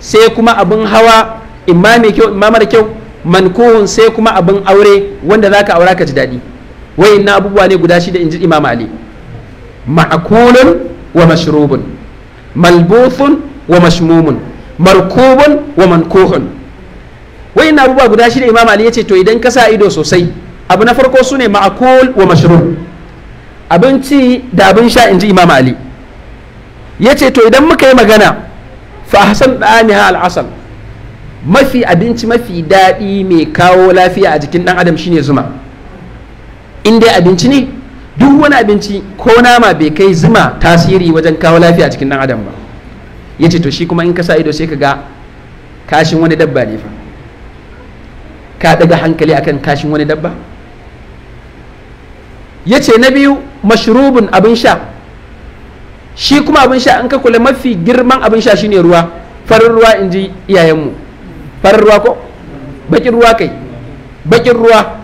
sai kuma abin hawa imma mai kyau imma mara kyau mankuhun sai kuma abin aure wanda zaka aura ka ji daɗi na abubuwa ne guda shida inji imam ali ma'kulun wa mashrubun Malbusun wa mashmumun Markoban wa mankuhun wai na abubuwa guda shi ne imam ali ya ce to idan ka sa ido sosai abu na farko su ne ma'akul wa mashru abinci da abin sha in ji imam ali ya ce to idan muka yi magana fa hasan ɗaniha al'asal mafi abinci mafi daɗi mai kawo lafiya a jikin ɗan adam shine zuma in dai abinci ne duk wani abinci ko nama bai kai zuma tasiri wajen kawo lafiya a jikin ɗan adam ba ya ce to shi kuma in ka sa ido sai ka ga kashin wani dabba ne fa ka daga hankali akan kashin wani dabba ya ce na biyu mashrubun abin sha shi kuma abin sha in ka kula mafi girman abin sha shine ruwa farin ruwa in ji iyayenmu farin ruwa ko bakin ruwa kai bakin ruwa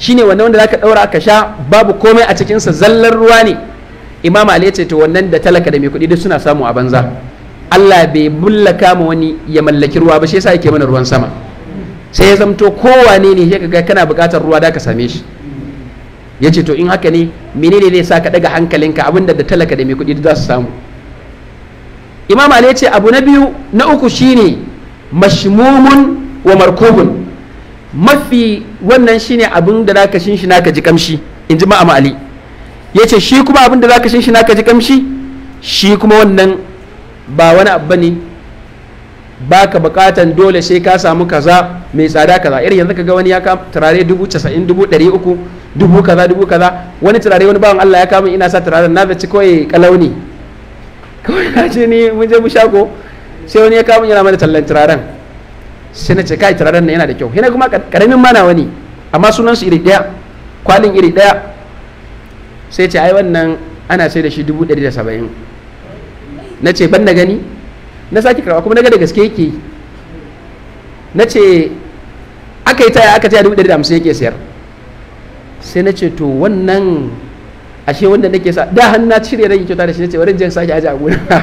shine wannan wanda zaka daura ka sha babu komai a cikinsa zallar ruwa ne imam ali ya ce to wannan da talaka da mai kuɗi duk suna samu a banza Allah bai bulla kama wani ya mallaki ruwa ba shi yasa yake mana ruwan sama sai ya zamto kowane ne ya kaga kana buƙatar ruwa da ka same shi ya ce to in haka ne menene zai sa ka daga hankalinka abinda da talaka da mai kuɗi za su samu imam ali ya ce abu na biyu na uku shine mashmumun wa markubun mafi wannan shine abin da zaka shin shi naka ji kamshi in ji ma'am ali ya ce shi kuma abin da zaka shin shi naka ji kamshi shi kuma wannan ba wani abu ne ba ka bukatan dole sai ka samu kaza mai tsada kaza irin yanzu ga wani ya kama turare dubu casa'in dubu ɗari uku dubu kaza dubu kaza wani turare wani bawan Allah ya kama ina sa turaren na zaci kawai kalauni kawai na ce ni mun je mu shago sai wani ya kama yana mana tallan turaren sai na ce kai turaren na yana da kyau yana kuma karamin mana wani amma sunan su iri daya kwalin iri daya sai ce ai wannan ana sai da shi dubu ɗari da saba'in na ce ban na gani na sake karba kuma na ga da gaske yake yi na ce aka yi taya aka taya dubu ɗari da hamsin yake sayar sai na ce to wannan ashe wanda nake sa da hannu na cire rage kyauta da shi na ce warin jan sake aji a gona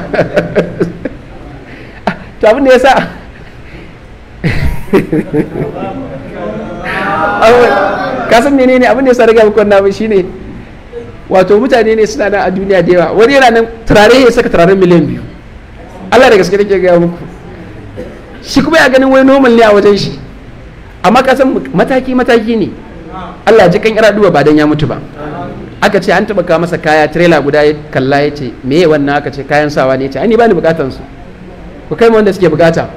to abin da ya sa kasan menene abin da ya sa riga muku wannan shi ne. wato mutane ne suna nan a duniya da yawa wani yana nan turare ya saka turaren miliyan biyu Allah da gaske take gaya muku shi kuma ya ganin wai normal ne a wajen shi amma kasan mataki mataki ne Allah ji kan iraduwa ba dan ya mutu ba aka ce an taba masa kaya trailer guda ya kalla ya ce me wannan aka ce kayan sawa ne ya ce ai ni ba ni bukatan su ku kai wanda suke bukata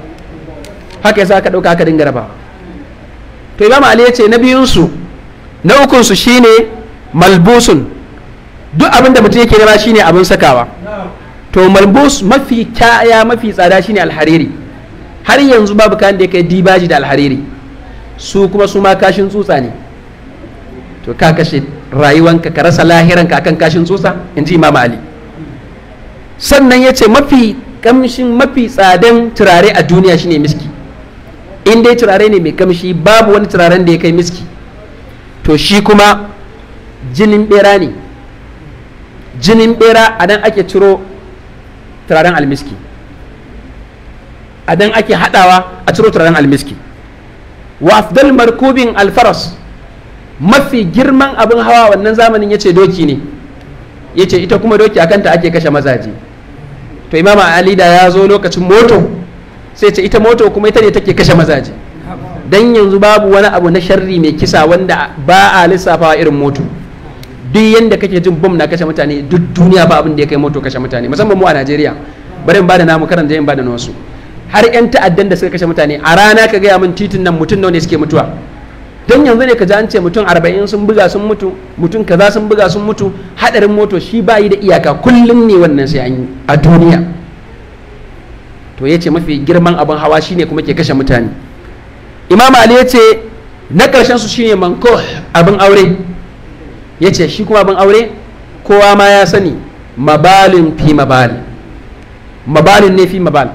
haka yasa aka dauka aka dinga raba to imam ali ya ce na biyun su na ukun su shine malbusun duk abin da mutum yake nema shine abin sakawa to malbus mafi kaya mafi tsada shine alhariri har yanzu babu kayan da ya kai dibaji da alhariri su kuma su ma kashin tsutsa ne to ka kashe rayuwanka ka rasa lahiranka akan kashin tsutsa in ji imam ali sannan ya ce mafi kamshin mafi tsadan turare a duniya shine miski in dai turare ne mai kamshi babu wani turaren da ya kai miski to shi kuma jinin bera ne jinin bera a nan ake ciro turaren almiski a nan ake haɗawa a ciro turaren almiski wa afdal markubin alfaras mafi girman abin hawa wannan zamanin ya ce doki ne ya ce ita kuma doki a kanta ake kashe mazaje to imama ali da ya zo lokacin moto sai ce ita moto kuma ita ne take kashe mazaje dan yanzu babu wani abu na sharri mai kisa wanda ba a lissafawa irin moto duk yanda kake jin bom na kashe mutane duk duniya ba abin da ya kai moto kashe mutane musamman mu a Najeriya bari in bada namu karanta in bada wasu har yan ta'addan da suka kashe mutane a rana ka gaya min titin nan mutum nawa ne suke mutuwa don yanzu ne ka ji an ce mutum arba'in sun buga sun mutu mutum kaza sun buga sun mutu hadarin moto shi bayi da iyaka kullum ne wannan sai an a duniya to ya ce mafi girman abin hawa shine kuma ke kashe mutane imam ali ya ce na ƙarshen su shine mankoh abin aure ya ce shi kuma abin aure kowa ma ya sani mabalin fi mabalin mabalin ne fi mabal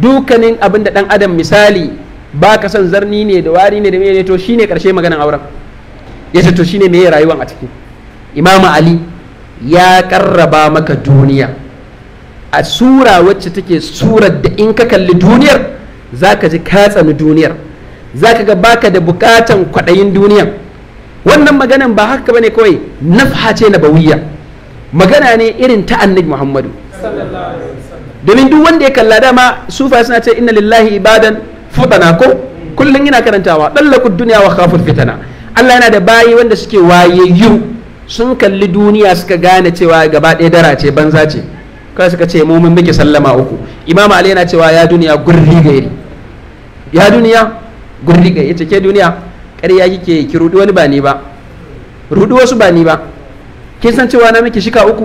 dukkanin abin da dan adam misali ba ka son zarni ne da wari ne da ne to shine karshe maganan auren ya ce to shine meye rayuwan a ciki imamu ali ya karraba maka duniya a sura wacce take surar da in ka kalli duniyar za ka ji ka tsani duniyar za ka ga baka da bukatan kwaɗayin duniyar wannan maganan ba haka bane kawai nafha ce na bawiya magana ne irin ta annabi muhammadu domin duk wanda ya kalla dama sufa suna ce inna lillahi ibadan fudana ko kullum yana karantawa dallaku duniya wa khaful fitana Allah yana da bayi wanda suke wayayyu sun kalli duniya suka gane cewa gaba ɗaya dara ce banza ce kai suka ce mu mun muke sallama uku imam ali yana cewa ya duniya gurri gairi ya duniya gurri gairi yace ke duniya ƙarya kike ki rudi wani ba ni ba rudi wasu ba ni ba kin san cewa na miki shika uku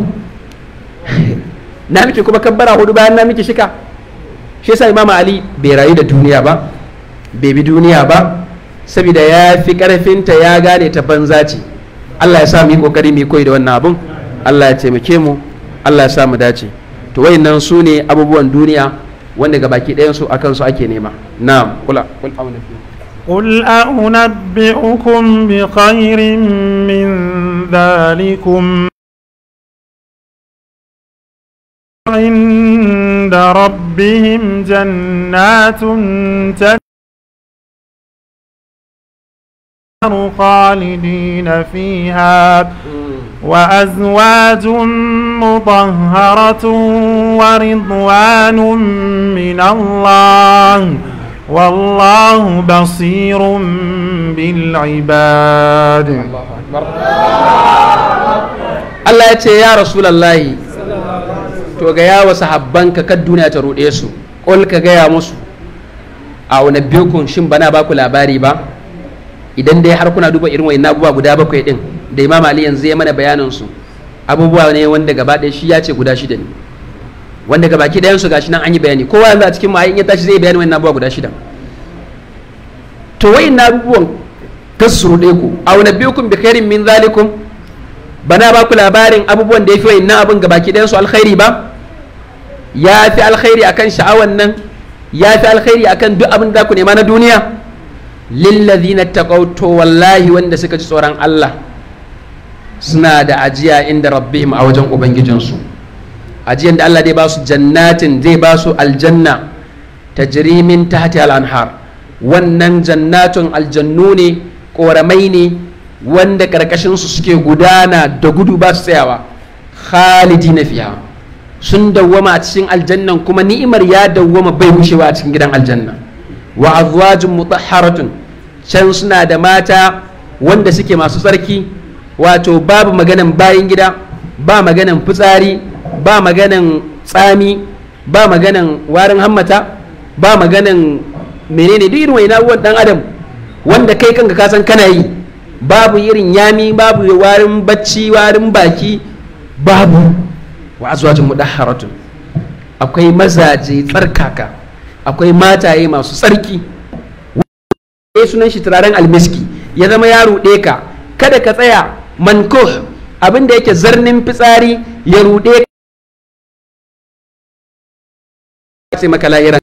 na miki kuma kabbara hudu bayan na miki shika shi yasa imama ali bai rayu da duniya ba bai bi duniya ba saboda ya fi karfinta ya gane ta banza ce allah ya sa mu yi kokari mu koyi da wannan abun allah ya taimake mu allah ya sa mu dace to wayannan su ne abubuwan duniya wanda ga baki ɗayan su akan su ake nema na'am kula kula قل أنبئكم بخير من ذلكم عند ربهم جنات تجار خالدين فيها وأزواج مطهرة ورضوان من الله والله بصير بالعباد Allah ya ce ya Rasulallahi to ga yawa sahabbanka kan duniya ta ruɗe su ƙul ka gaya musu a wani bekun shin bana baku labari ba idan dai har kuna duba irin wayannan abubuwa guda bakwai din da Imam Ali yanzu ya mana bayanin su abubuwa ne wanda gaba ɗaya shi ya ce guda shida ne wanda ga baki ɗayansu gashi nan an yi bayani kowa yanzu a cikin mu in ya tashi zai bayani wannan abubuwa guda shida to wai na abubuwan kasuru ɗaya ku aw nabiyukum bi khairin min zalikum bana ba ku labarin abubuwan da yafi fi nan abun ga baki ɗayansu alkhairi ba ya fi alkhairi akan sha'awan nan ya fi alkhairi akan duk abin da ku nema na duniya lillazina taqaw to wallahi wanda suka ci tsoron Allah suna da ajiya inda rabbihim a wajen ubangijinsu ajiyan da Allah zai ba su jannatin zai ba su aljanna tajri min tahti al-anhar wannan jannatun aljannu ne ƙoramai ne wanda ƙarƙashinsu suke gudana da gudu ba su tsayawa khalidi na fiya sun dawwama a cikin aljannan kuma ni'imar ya dawwama bai bushewa a cikin gidan aljanna wa azwajun mutahharatun can suna da mata wanda suke masu tsarki wato babu maganan bayan gida ba maganan fitsari ba maganin tsami ba maganin warin hammata ba maganan menene duk irin wani abubuwan dan adam wanda kai kanka kasan kana yi babu irin yami babu warin bacci warin baki babu wa azwajin mudahharatun akwai mazaje tsarkaka akwai mataye masu tsarki ya sunan shi turaren almiski ya zama ya ruɗe ka kada ka tsaya mankuh abinda yake zarnin fitsari ya ruɗe ce maka lahiran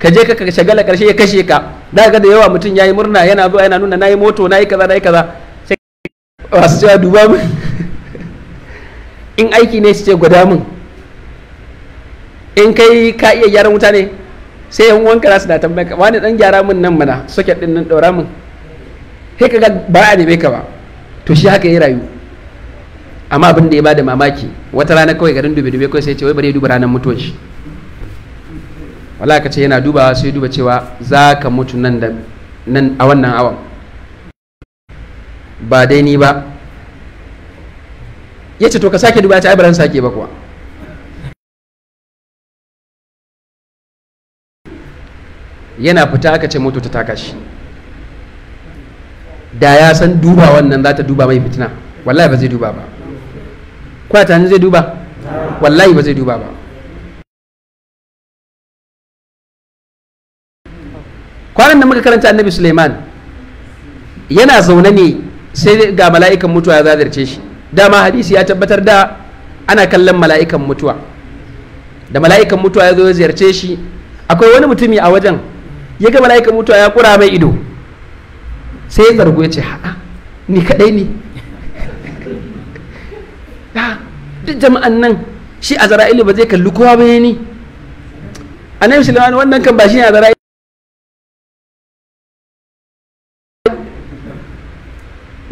ka je ka shagala karshe ya kashe ka da ga da yawa mutum ya yi murna yana zuwa yana nuna nayi moto nayi kaza nayi kaza sai wasu cewa duba min in aiki ne su ce gwada min in kai ka iya gyaran wuta ne sai yan uwanka za su na tambaya ka wani dan gyara min nan mana soket din nan daura min sai ga ba a neme ka ba to shi haka ya rayu amma abin da ya bada mamaki wata rana kawai garin dube dube kawai sai ce wai bari ya duba ranar mutuwar shi wala ka ce yana dubawa sai duba cewa za ka mutu nan da nan a wannan awan ba dai ni ba ya ce to ka sake duba ta ce ai baran sake ba kuwa yana fita aka ce moto ta taka shi da ya san duba wannan za ta duba mai fitina wallahi ba zai duba ba kuna tunanin zai duba wallahi ba zai duba ba kwanan da muka karanta annabi suleiman yana zaune ne sai ga mala'ikan mutuwa ya zazarce shi dama hadisi ya tabbatar da ana kallon mala'ikan mutuwa da mala'ikan mutuwa ya zo ya ziyarce shi akwai wani mutumi a wajen ya ga mala'ikan mutuwa ya kura mai ido sai ya zargo ya ce ha'a ni kadai ne ah, duk jama'an nan shi a zara'ilu ba zai kalli kowa ba ni a annabi sulaiman wannan kan ba shi ne a zara'ilu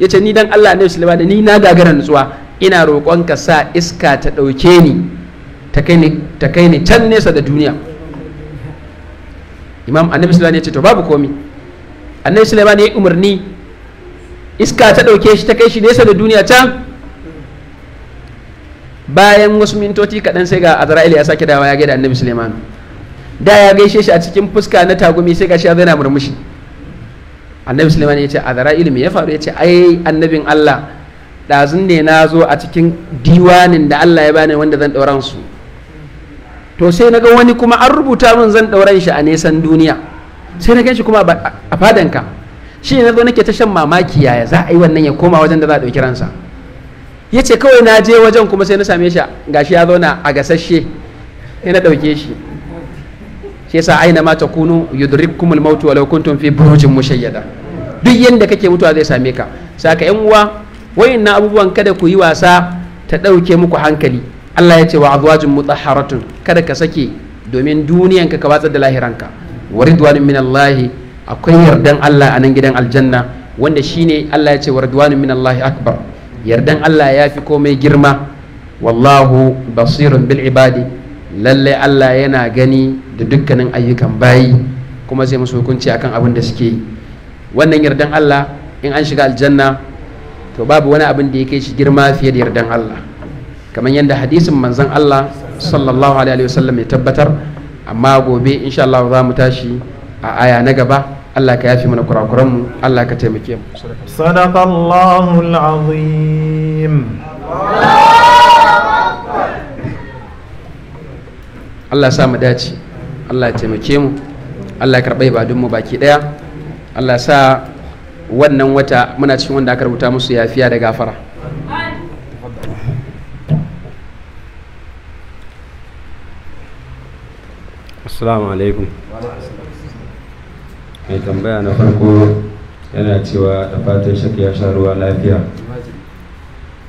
ya ce ni dan Allah annabi sulaiman ni na gagara nutsuwa ina roƙon ka sa iska ta ɗauke ni ta kai ni can nesa da duniya imam annabi sulaiman ya ce to babu komi annabi sulaiman ya yi umarni iska ta ɗauke shi ta kai shi nesa da duniya can bayan wasu mintoci kaɗan sai ga azra'il ya sake dawa ya gaida annabi suleiman da ya gaishe shi a cikin fuska na tagumi sai ga shi zai na murmushi annabi suleiman ya ce azra'il me ya faru ya ce ai annabin allah ɗazun ne na zo a cikin diwanin da allah ya bani wanda zan ɗauran su to sai na ga wani kuma an rubuta min zan ɗauran shi a nesan duniya sai na ganshi shi kuma a fadanka shi ne na zo nake ta shan mamaki yaya za a yi wannan ya koma wajen da za a ɗauki ransa ya ce kawai na je wajen kuma sai na same shi gashi ya zauna a gasashe sai na ɗauke shi shi yasa aina ma takunu kuma mautu walau kuntum fi burujin mushayyada duk yadda kake mutuwa zai same ka saka yan uwa na abubuwan kada ku yi wasa ta ɗauke muku hankali Allah ya ce wa azwajun mutahharatun kada ka sake domin duniyan ka watsar da lahiranka wa ridwanun min Allah akwai yardan Allah a nan gidan aljanna wanda shine Allah ya ce wa ridwanun min Allah akbar yardan Allah ya fi komai girma wallahu basirun bil ibadi lalle Allah yana gani da dukkanin ayyukan bayi kuma zai musu hukunci akan abin da suke yi wannan yardan Allah in an shiga aljanna to babu wani abin da yake shi girma fiye da yardan Allah kamar yadda hadisin manzon Allah sallallahu alaihi wasallam ya tabbatar amma gobe insha Allah za mu tashi a aya na gaba Allah ka yafi mana mu Allah ka taimake mu sadaqallahu alazim Allah sa mu dace Allah ya taimake mu Allah ya ba ibadun mu baki ɗaya Allah sa wannan wata muna cikin wanda aka rubuta musu yafiya da gafara assalamu alaikum mai tambaya na farko yana cewa da fatan shakka ya sha ruwa lafiya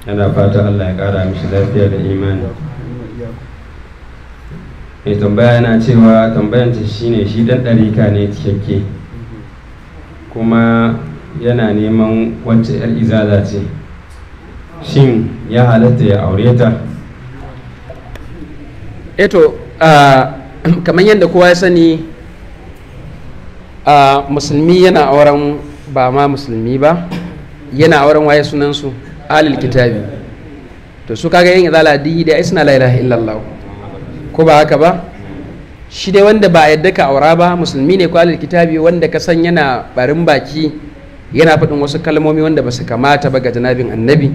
yana fata allah ya kara mishi lafiya da imani mai tambaya yana cewa tambayanta shine shi dan ɗarika ne cikakke kuma yana neman wacce 'yar izala ce shin ya halatta ya aure ta eto eh ah, kamar yadda kowa ya sani a musulmi yana auren ba ma musulmi ba yana auren waye sunansu alil kitabi to su kaga yin izala di da isna la ilaha illallah ko ba haka ba shi dai wanda ba yadda ka aura ba musulmi ne ko alil kitabi wanda ka san yana barin baki yana faɗin wasu kalmomi wanda ba su kamata ba ga janabin annabi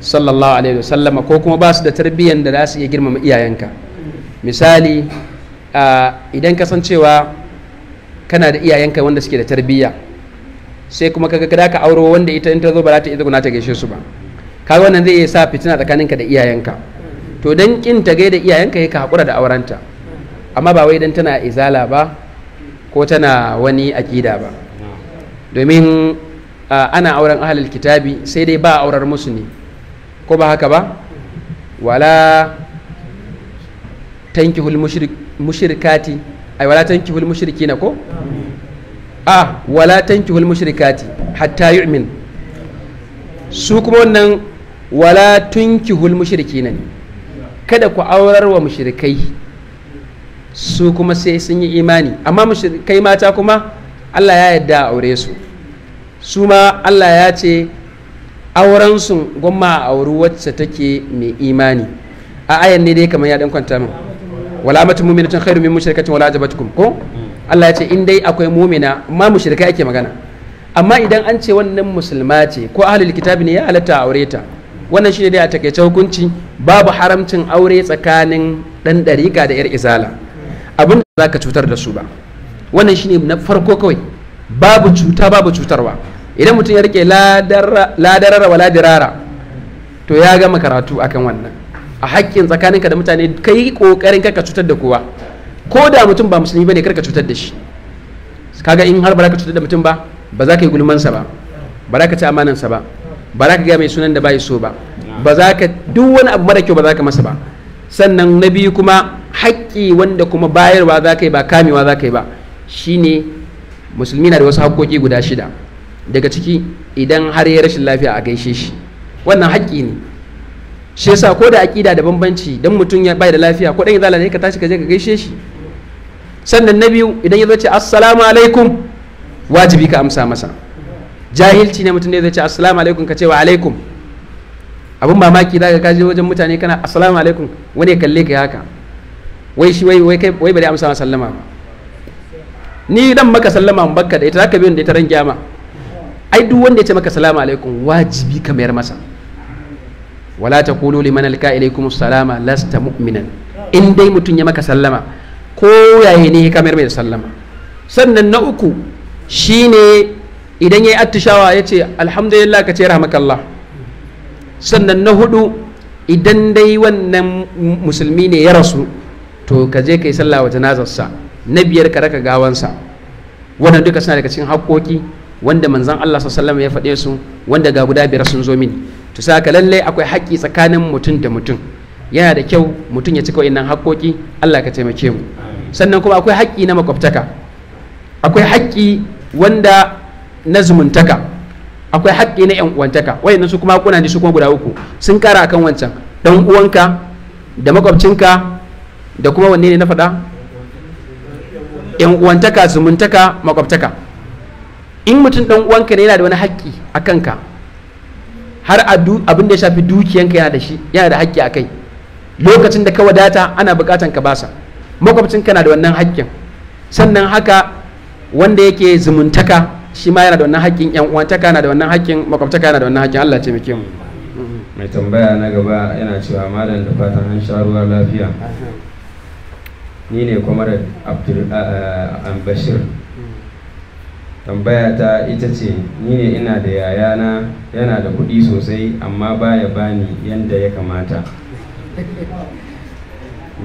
sallallahu alaihi wasallama ko kuma ba su da tarbiyyar da za su iya girmama iyayenka misali idan ka san cewa kana da iyayenka wanda suke da tarbiyya sai kuma kaga kada ka auro wanda ita in ta zo ba za ta iya ta gaishe su ba kaga wannan zai iya sa fitina tsakaninka da iyayenka to dan kin ta gaida iyayenka sai ka hakura da aurenta amma ba wai dan tana izala ba ko tana wani akida ba domin ana auren ahlul kitabi sai dai ba aurar musu ne ko ba haka ba wala tankihul mushrikati ai wala tankihul mushrikina ko a ah, wala tankihul mushrikati hatta yu'min su kuma wannan wala tunkihul mushrikina ne kada ku aurar wa mushrikai su kuma sai sun yi imani amma mushrikai mata kuma Allah ya yadda aure su su ma Allah ya ce auren gwamma a auri wacce take mai imani a ayan ne dai kamar ya dan kwanta min wala mata mu'minatin khairu min mushrikatin wala ajabatukum ko Allah ya ce in dai akwai mu'mina amma mushrika ake magana amma idan an ce wannan musulma ce ko ahlul kitabi ne ya halatta aure ta wannan shine dai a takaice hukunci babu haramcin aure tsakanin dan dariƙa da yar izala abin da zaka cutar da su ba wannan shine na farko kawai babu cuta babu cutarwa idan mutum ya rike ladarara wala dirara to ya gama karatu akan wannan a haƙƙin tsakaninka da mutane kai yi ƙoƙarin karka cutar da kowa ko da mutum ba musulmi bane karka cutar da shi kaga in har ba za ka cutar da mutum ba ba za ka yi gulmansa ba ba za ka ci amanansa ba ba za ka gaya mai sunan da bai so ba ba za ka duk wani abu mara kyau ba za ka masa ba sannan na biyu kuma haƙƙi wanda kuma bayarwa za ka yi ba kamewa za ka yi ba shine musulmi na da wasu haƙƙoƙi guda shida daga ciki idan har ya rashin lafiya a gaishe shi wannan haƙƙi ne shi yasa ko da aqida da bambanci dan mutum ya bai da lafiya ko dan ya zalane ka tashi ka je ka gaishe shi sannan na biyu idan ya zace assalamu alaikum wajibi ka amsa masa jahilci ne mutum da ya zo assalamu alaikum ka ce wa alaikum abin mamaki za ka je wajen mutane kana assalamu alaikum wani ya kalle ka haka wai shi wai wai wai bari amsa masa sallama ba ni dan maka sallama mu bakka da ita zaka biyo da ita ran gyama ai duk wanda ya ce maka assalamu alaikum wajibi ka mayar masa wala ta kulu liman alka ilaykum salama lasta mu'minan in dai mutum ya maka sallama ko yaye ne kamar mai sallama sannan na uku shine idan yayi attishawa yace alhamdulillah ka ce rahmakallah sannan na hudu idan dai wannan musulmi ne ya rasu to ka je kai sallah wa janazarsa na biyar ka raka gawansa wannan duka suna daga cikin haƙƙoƙi wanda manzon Allah sallallahu alaihi wasallam ya faɗe su wanda ga guda biyar sun zo mini to saka lallai akwai haƙƙi tsakanin mutum da mutum yana da kyau mutum ya cika wa'innan haƙƙoƙi Allah ka taimake mu sannan kuma akwai haƙƙi na makwabtaka akwai haƙƙi wanda na zumuntaka akwai haƙƙi na yan uwantaka wayannan su kuma kuna ne su kuma guda uku sun kara akan wancan dan uwanka da makwabcinka da kuma wanne ne na faɗa yan uwantaka zumuntaka makwabtaka in mutum dan uwanka ne yana da wani haƙƙi a kanka har abin da ya shafi dukiyanka yana da shi yana da hakki a kai lokacin da ka wadata ana bukatan ka basa makwabcin kana da wannan hakkin sannan haka wanda yake zumuntaka shi ma yana da wannan hakkin yan uwantaka yana da wannan hakkin makwabtaka yana da wannan hakkin Allah ya taimake mu mai tambaya na gaba yana cewa malam da fatan an sha ruwa lafiya ni ne kwamarar abdul eh, bashir tambaya ta ita ce ni ne ina da yayana yana da kuɗi sosai amma baya bani yadda ya kamata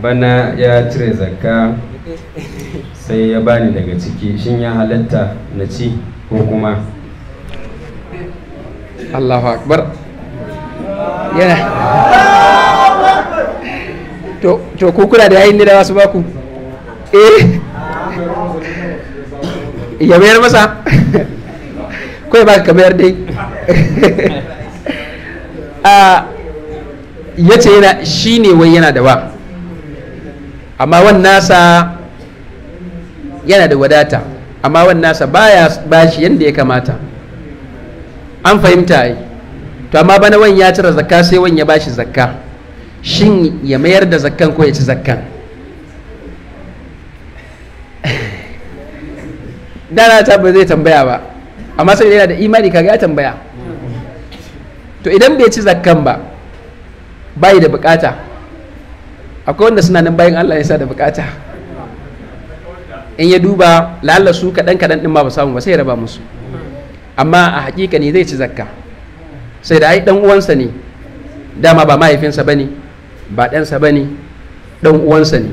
bana ya cire zakka sai ya bani daga ciki shin ya halatta na ci ko kuma allahu akbar yana to ko da yayin da wasu baku eh ya mayar masa kawai ba ka mayar dai ya ce yana shi ne wai yana da wa amma wannan nasa yana da wadata amma wannan nasa baya bashi yadda ya kamata an fahimta ai to amma bana wani ya cire zakka sai wani ya bashi zakka shin ya mayar da zakkan ko ya ci zakkan dana ta ba zai tambaya ba amma sai yana da imani kaga ya tambaya to idan bai ci zakkan ba bayi da bukata akwai wanda suna nan bayan Allah ya sa da bukata in ya duba lalla su kaɗan kaɗan ɗin ma ba samu ba sai raba musu amma a hakika ne zai ci zakka sai da ai dan uwansa ne dama ba mahaifinsa bane ba sa bane dan uwansa ne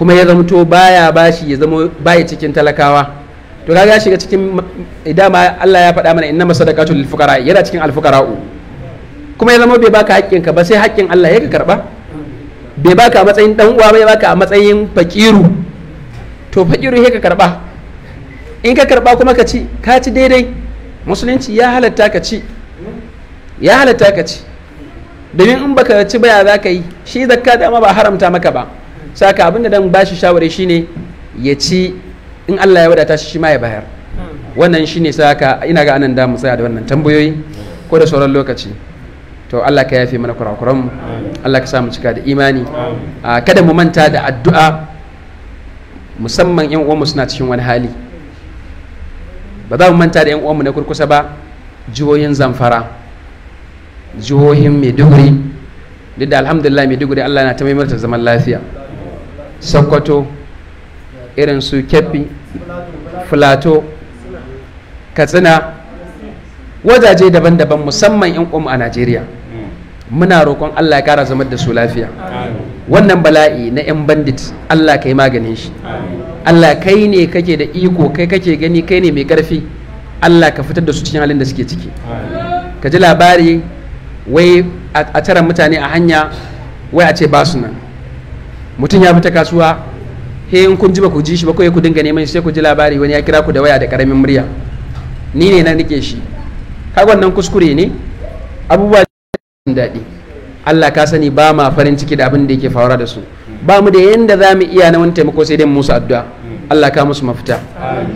kuma ya zamto baya bashi ya zama baya cikin talakawa to kaga ya shiga cikin idan ma eh, Allah ya faɗa mana inna masadaqatu lil fuqara yana cikin al fuqara'u kuma ya zama bai baka haƙƙin ka ba sai haƙƙin Allah ya ka karba bai baka a matsayin dan uwa bai baka a matsayin fakiru to fakiru ya ka karba in ka karba kuma ka ci ka ci daidai musulunci ya halatta ka ci ya halatta ka ci domin in baka ci baya za ka yi shi zakka dama ba haramta maka ba saka abinda da dan bashi shawari shine ya ci in Allah ya wadata shi ma ya bayar wannan shine saka ina ga anan da mu tsaya da wannan tambayoyi ko da sauran lokaci to Allah ka yafe mana kurakuranmu Allah ka sa mu cika da imani ah, kada mu manta da addu'a musamman yan uwanmu suna cikin wani hali ba za mu manta da yan uwanmu na kurkusa ba jihohin zamfara jihohin maiduguri duk da alhamdulillah maiduguri Allah na ta maimarta zaman lafiya sokoto irin su kebbi filato katsina wajaje daban-daban musamman 'yan umu a najeriya muna roƙon allah ya ƙara zama da su lafiya wannan bala'i na 'yan bandit allah ka yi maganin shi allah kai ne kake da iko kai kake gani kai ne mai ƙarfi allah ka fitar da su cikin halin da suke ciki ka ji labari wai a tara mutane a hanya wai a ce ba su nan mutum ya fita kasuwa he in kun ji ba ku ji shi ba ku dinga neman shi sai ku ji labari wani ya kira ku da waya da karamin murya ni ne na nike shi ka wannan kuskure ne abubuwa daɗi Allah ka sani ba ma farin ciki da abin da yake faruwa da su ba mu da yanda za mu iya na wani taimako sai dai musu addu'a Allah ka musu mafita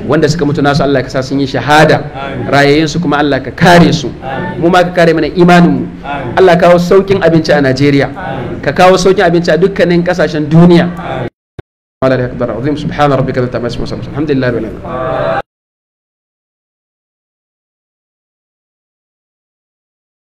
wanda suka mutu nasu Allah ka sa sun yi shahada rayayen su kuma Allah ka kare su mu ma ka kare mana imanin mu Allah kawo saukin abinci a Najeriya ka kawo saukin abinci a dukkanin kasashen duniya Allah akbar azim subhana rabbika rabbil izzati amma yasifun alhamdulillah